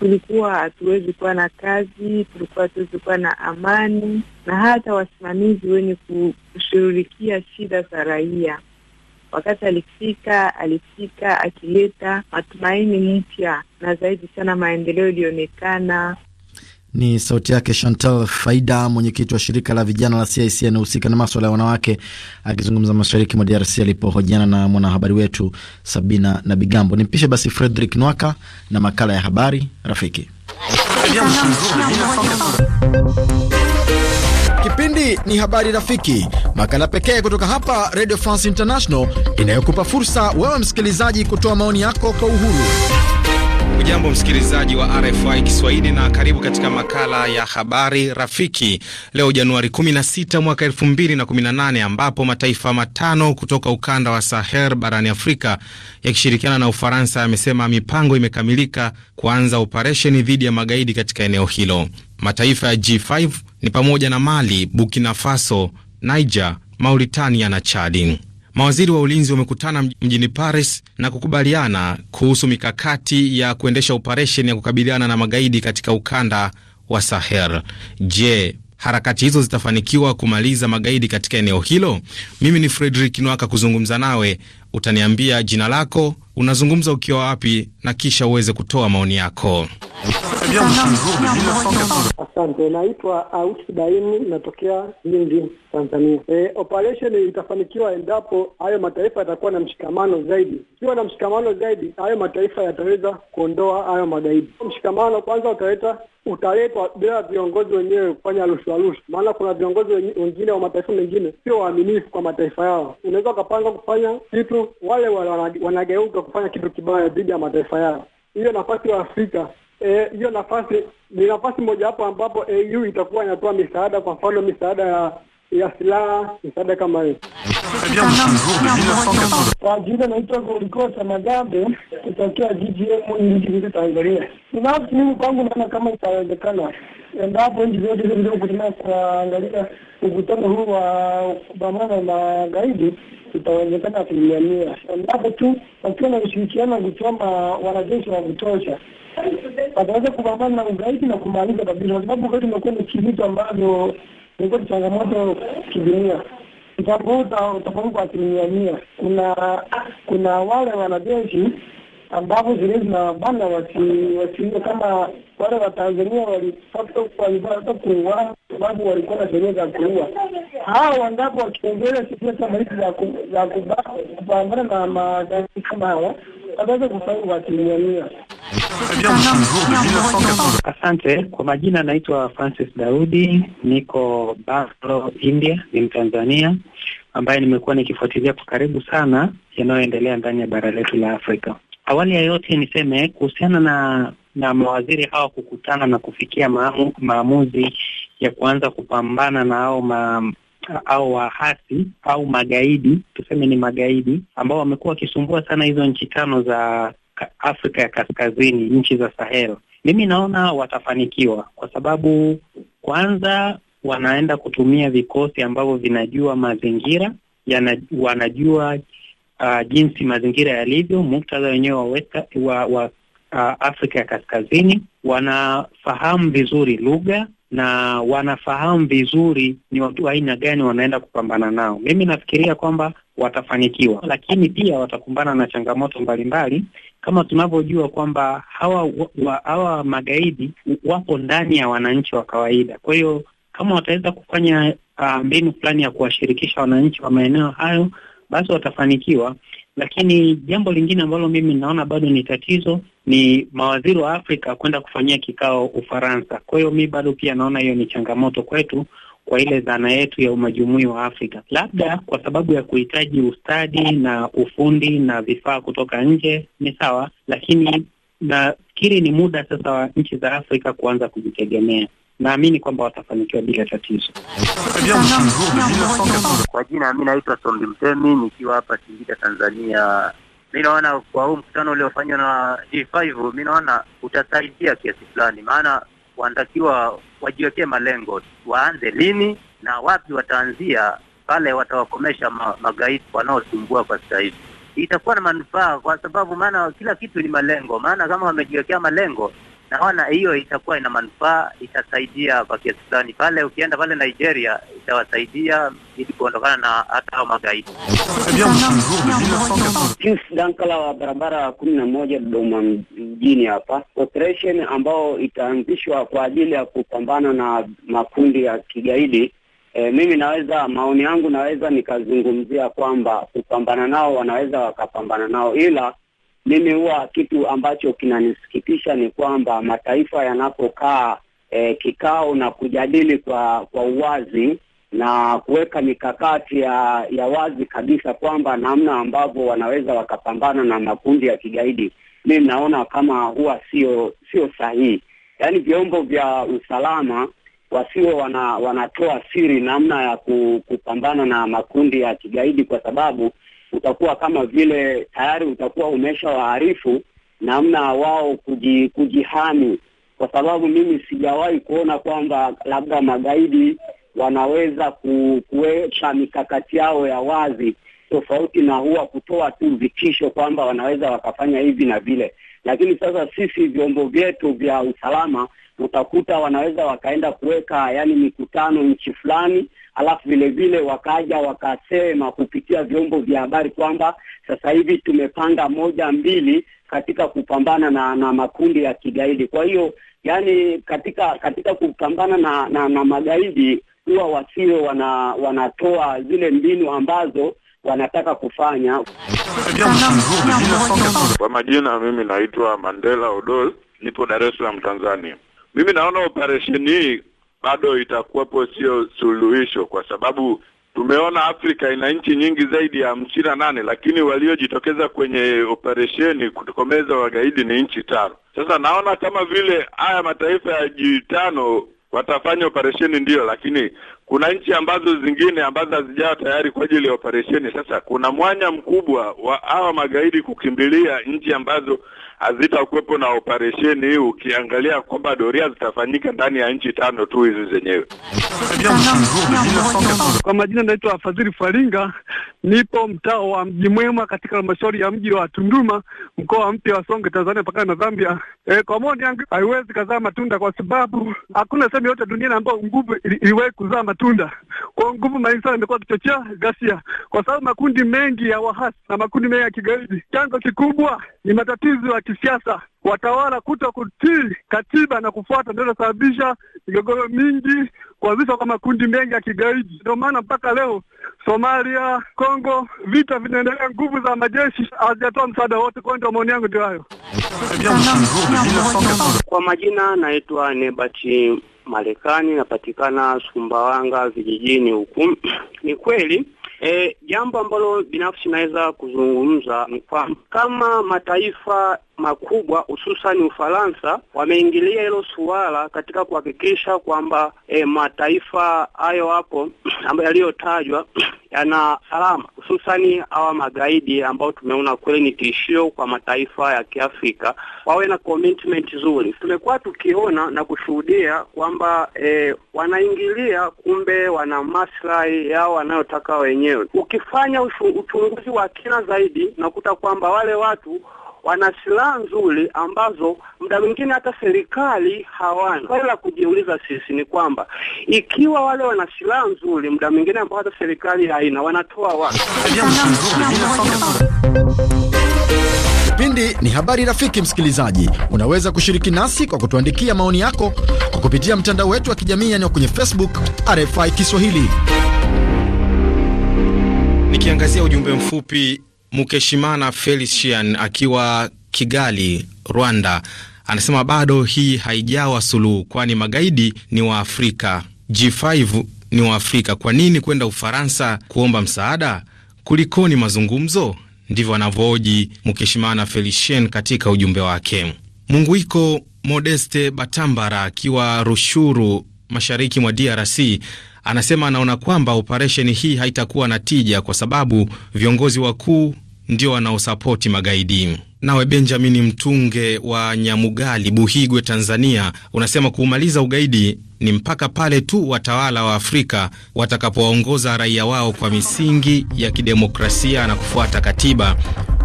tulikuwa hatuwezi kuwa na kazi, tulikuwa hatuwezi kuwa na amani, na hata wasimamizi wenye kushughulikia shida za raia wakati alifika, alifika akileta matumaini mpya na zaidi sana maendeleo ilionekana. Ni sauti yake Chantal Faida, mwenyekiti wa shirika la vijana la CIC anahusika na maswala ya wanawake, akizungumza mashariki mwa DRC alipohojiana na mwanahabari wetu Sabina na Bigambo. Nimpishe basi Frederick Nwaka na makala ya habari rafiki Kipindi ni Habari Rafiki, makala pekee kutoka hapa Radio France International inayokupa fursa wewe msikilizaji kutoa maoni yako kwa uhuru. Ujambo msikilizaji wa RFI Kiswahili na karibu katika makala ya habari rafiki. Leo Januari 16 mwaka 2018, ambapo mataifa matano kutoka ukanda wa Sahel barani Afrika yakishirikiana na Ufaransa yamesema mipango imekamilika kuanza operesheni dhidi ya magaidi katika eneo hilo. Mataifa ya G5 ni pamoja na Mali, Burkina Faso, Niger, Mauritania na Chadi. Mawaziri wa ulinzi wamekutana mjini Paris na kukubaliana kuhusu mikakati ya kuendesha operesheni ya kukabiliana na magaidi katika ukanda wa Sahel. Je, harakati hizo zitafanikiwa kumaliza magaidi katika eneo hilo? Mimi ni Fredrik Nwaka kuzungumza nawe Utaniambia jina lako, unazungumza ukiwa wapi, na kisha uweze kutoa maoni yako. Asante, naitwa Auti natokea Lindi, Tanzania. E, operation itafanikiwa endapo hayo mataifa yatakuwa na mshikamano zaidi. Ikiwa na mshikamano zaidi, hayo mataifa yataweza kuondoa hayo magaidi. Mshikamano kwanza utaleta utaletwa bila viongozi wenyewe kufanya rushwa rushwa, maana kuna viongozi wengine wa mataifa mengine sio waaminifu kwa mataifa yao. Unaweza ukapanga kufanya kitu wale wanageuka kufanya kitu kibaya dhidi ya mataifa yao. Hiyo nafasi ya Afrika e, hiyo e, nafasi ni nafasi mojawapo ambapo AU itakuwa inatoa misaada, kwa mfano misaada ya ya silaha, misaada kama hiyo. Kwa jina naitwa Golikosa Magambe kutokea GGM nchini Tanzania. Binafsi mimi kwangu naona kama itawezekana endapo nchi zote hizo kutana kuangalia mkutano huu wa kupambana na magaidi itawezekana asilimia mia, endapo tu wakiwa na ushirikiano kuchoma wanajeshi wa kutosha wataweza kupambana na ugaidi na kumaliza kabisa, kwa sababu ugaidi umekuwa ni kitu ambavyo ilikuwa ni changamoto kidunia. Mtambo huu utafaulu kwa asilimia mia. Kuna kuna wale wanajeshi ambapo zile zinawabana wasiingie kama wale wa Watanzania walipata kuuana sababu walikuwa na sheria za kuua. Hao wangapo wakiongelea sheria kama maiti za kupambana na magaidi kama hawa wataweza kufaulu kwa asilimia mia. Asante kwa majina, naitwa Francis Daudi, niko Bangalore, India. Ni Mtanzania ambaye nimekuwa nikifuatilia kwa karibu sana yanayoendelea ndani ya bara letu la Afrika. Awali ya yote niseme kuhusiana na na mawaziri hawa kukutana na kufikia maamu, maamuzi ya kuanza kupambana na hao ma, au wahasi au magaidi, tuseme ni magaidi ambao wamekuwa wakisumbua sana hizo nchi tano za Afrika ya kaskazini, nchi za Sahel, mimi naona watafanikiwa kwa sababu kwanza wanaenda kutumia vikosi ambavyo vinajua mazingira yana, wanajua uh, jinsi mazingira yalivyo, muktadha wenyewe wa, wa uh, Afrika ya kaskazini. Wanafahamu vizuri lugha na wanafahamu vizuri ni watu aina gani wanaenda kupambana nao. Mimi nafikiria kwamba watafanikiwa, lakini pia watakumbana na changamoto mbalimbali kama tunavyojua kwamba hawa wa, hawa magaidi wapo ndani ya wananchi wa kawaida. Kwa hiyo kama wataweza kufanya uh, mbinu fulani ya kuwashirikisha wananchi wa maeneo hayo, basi watafanikiwa. Lakini jambo lingine ambalo mimi naona bado ni tatizo ni mawaziri wa Afrika kwenda kufanyia kikao Ufaransa. Kwa hiyo mi bado pia naona hiyo ni changamoto kwetu, kwa ile dhana yetu ya umajumui wa Afrika, labda kwa sababu ya kuhitaji ustadi na ufundi na vifaa kutoka nje, ni sawa, lakini nafikiri ni muda sasa wa nchi za Afrika kuanza kujitegemea. Naamini kwamba watafanikiwa bila tatizo. Kwa jina, mi naitwa Sombi Mtemi, nikiwa hapa Singida, Tanzania. Mi naona kwa huu mkutano uliofanywa na G5, mi naona utasaidia kiasi fulani, maana wanatakiwa wajiwekee malengo, waanze lini na wapi wataanzia, pale watawakomesha ma, magaidi wanaosumbua kwa sasa hivi. Itakuwa na manufaa kwa sababu, maana kila kitu ni malengo. Maana kama wamejiwekea malengo naona hiyo itakuwa ina manufaa, itasaidia kwa kiasi fulani. Pale ukienda pale Nigeria itawasaidia ili kuondokana na hata hao magaidi. Dankala wa barabara kumi na moja Dodoma mjini hapa, operation ambao itaanzishwa kwa ajili ya kupambana na makundi ya kigaidi. E, mimi naweza maoni yangu naweza nikazungumzia kwamba kupambana nao wanaweza wakapambana nao, ila mimi huwa kitu ambacho kinanisikitisha ni kwamba mataifa yanapokaa e, kikao na kujadili kwa kwa uwazi na kuweka mikakati ya, ya wazi kabisa kwamba namna ambavyo wanaweza wakapambana na makundi ya kigaidi, mi naona kama huwa sio sio sahihi. Yaani vyombo vya usalama wasio wana, wanatoa siri namna ya kupambana na makundi ya kigaidi, kwa sababu utakuwa kama vile tayari utakuwa umesha waarifu namna wao kuji, kujihami, kwa sababu mimi sijawahi kuona kwamba labda magaidi wanaweza kuweka mikakati yao ya wazi, tofauti na huwa kutoa tu vitisho kwamba wanaweza wakafanya hivi na vile. Lakini sasa sisi vyombo vyetu vya usalama utakuta wanaweza wakaenda kuweka yani mikutano nchi fulani, alafu vile vile wakaja wakasema kupitia vyombo vya habari kwamba sasa hivi tumepanga moja mbili katika kupambana na, na makundi ya kigaidi. Kwa hiyo yani katika katika kupambana na, na, na magaidi huwa wasio wana, wanatoa zile mbinu ambazo wanataka kufanya. Kwa majina, mimi naitwa Mandela Odol, nipo Dar es Salaam, Tanzania. Mimi naona operesheni hii bado itakuwepo, sio suluhisho, kwa sababu tumeona Afrika ina nchi nyingi zaidi ya hamsini na nane lakini waliojitokeza kwenye operesheni kutokomeza wagaidi ni nchi tano. Sasa naona kama vile haya mataifa ya G5 watafanya operesheni ndiyo, lakini kuna nchi ambazo zingine ambazo hazijawa tayari kwa ajili ya operesheni. Sasa kuna mwanya mkubwa wa hawa magaidi kukimbilia nchi ambazo hazitakuwepo na operesheni hii, ukiangalia kwamba doria zitafanyika ndani ya nchi tano tu hizi zenyewe. Kwa majina naitwa Fadhili Faringa, nipo mtaa wa Mji Mwema katika halmashauri ya mji wa Tunduma, mkoa mpya wa Songwe, Tanzania, mpakani na Zambia. E, kwa maoni yangu haiwezi kazaa matunda kwa sababu hakuna sehemu yote duniani ambayo nguvu iliwahi kuzaa matunda. Kwa nguvu mali sana imekuwa kichochea ghasia, kwa sababu makundi mengi ya wahasi na makundi mengi ya kigaidi, chanzo kikubwa ni matatizo ya kisiasa, watawala kuto kutii katiba na kufuata, ndio inasababisha migogoro mingi, kuanzishwa kwa makundi mengi ya kigaidi. Ndio maana mpaka leo Somalia, Kongo, vita vinaendelea, nguvu za majeshi hazijatoa msaada wote. Kwa ndio maoni yangu ndio hayo. Kwa majina naitwa Nebati Marekani, napatikana Sumbawanga vijijini huku. (clears throat) Ni kweli E, jambo ambalo binafsi naweza kuzungumza ni kwamba kama mataifa makubwa hususani Ufaransa wameingilia hilo suala katika kuhakikisha kwamba e, mataifa hayo hapo (clears throat) ambayo yaliyotajwa (clears throat) yana salama, hususani hawa magaidi ambao tumeona kweli ni tishio kwa mataifa ya Kiafrika, wawe na commitment nzuri. Tumekuwa tukiona na kushuhudia kwamba e, wanaingilia, kumbe wana maslahi yao wanayotaka wenyewe. Ukifanya uchunguzi wa kina zaidi, unakuta kwamba wale watu wana silaha nzuri ambazo muda mwingine hata serikali hawana. Swali la kujiuliza sisi ni kwamba ikiwa wale wana silaha nzuri muda mwingine ambao hata serikali haina, wanatoa wapi? Kipindi ni habari rafiki. Msikilizaji, unaweza kushiriki nasi kwa kutuandikia maoni yako kwa kupitia mtandao wetu wa kijamii yani kwenye Facebook RFI Kiswahili. Nikiangazia ujumbe mfupi Mukeshimana Felician akiwa Kigali, Rwanda, anasema bado hii haijawa suluhu, kwani magaidi ni wa Afrika. G5 ni wa Afrika, kwa nini kwenda Ufaransa kuomba msaada? Kulikoni mazungumzo? Ndivyo anavyoji Mukeshimana Felicien katika ujumbe wake. Munguiko Modeste Batambara akiwa Rushuru, mashariki mwa DRC, anasema anaona kwamba operesheni hii haitakuwa na tija kwa sababu viongozi wakuu ndio wanaosapoti magaidi. Nawe Benjamin Mtunge wa Nyamugali, Buhigwe, Tanzania, unasema kuumaliza ugaidi ni mpaka pale tu watawala wa Afrika watakapowaongoza raia wao kwa misingi ya kidemokrasia na kufuata katiba,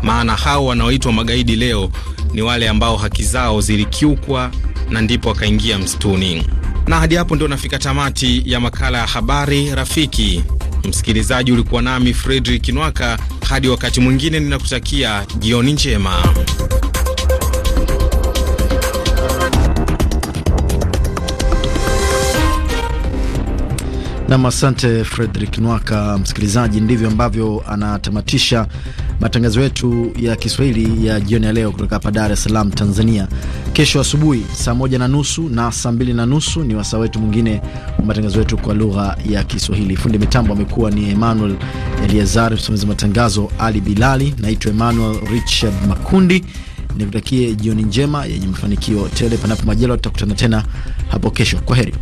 maana hao wanaoitwa magaidi leo ni wale ambao haki zao zilikiukwa na ndipo wakaingia msituni. Na hadi hapo ndio nafika tamati ya makala ya habari rafiki Msikilizaji, ulikuwa nami Fredrik Nwaka. Hadi wakati mwingine, ninakutakia jioni njema. Nam, asante Fredrik Nwaka. Msikilizaji, ndivyo ambavyo anatamatisha matangazo yetu ya Kiswahili ya jioni ya leo kutoka hapa Dar es Salaam, Tanzania. Kesho asubuhi saa moja na nusu na saa mbili na nusu ni wasaa wetu mwingine wa matangazo yetu kwa lugha ya Kiswahili. Fundi mitambo amekuwa ni Emmanuel Eliazari, msimamizi wa matangazo Ali Bilali. Naitwa Emmanuel Richard Makundi, nikutakie jioni njema yenye mafanikio tele. Panapo majaliwa, tutakutana tena hapo kesho. Kwa heri.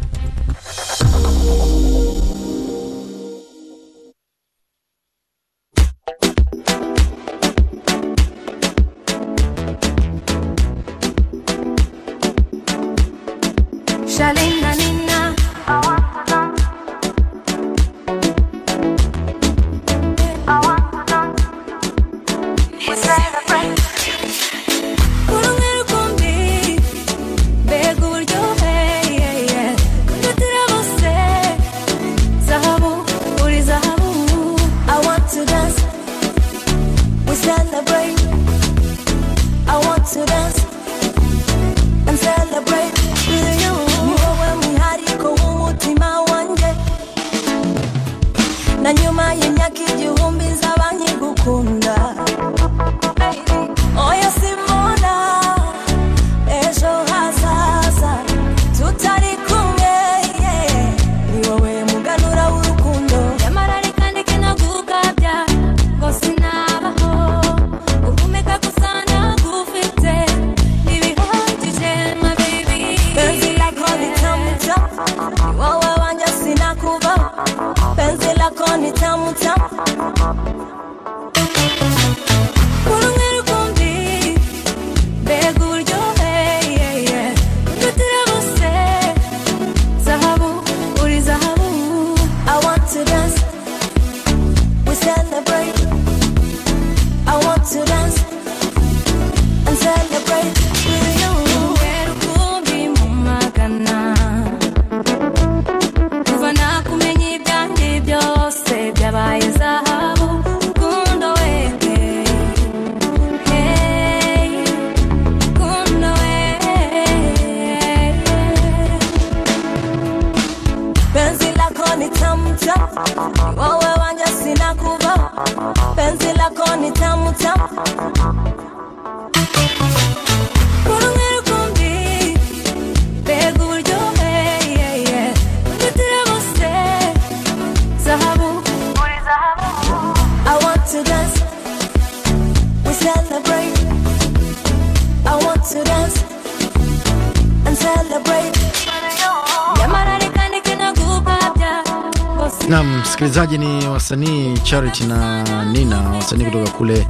msanii kutoka kule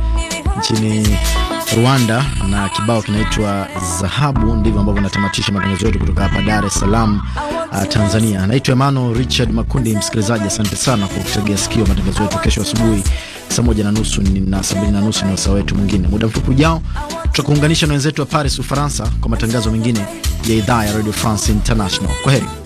nchini Rwanda na kibao kinaitwa zahabu Ndivyo ambavyo natamatisha matangazo yetu kutoka hapa Dar es Salaam, uh, Tanzania. Anaitwa Emmanuel Richard Makundi. Msikilizaji, asante sana kwa kutegea sikio matangazo yetu. Kesho asubuhi saa moja na nusu na saa na nusu ni wasaa wetu mwingine. Muda mfupi ujao, tutakuunganisha na wenzetu wa Paris, Ufaransa, kwa matangazo mengine ya idhaa ya Radio France International. Kwa heri.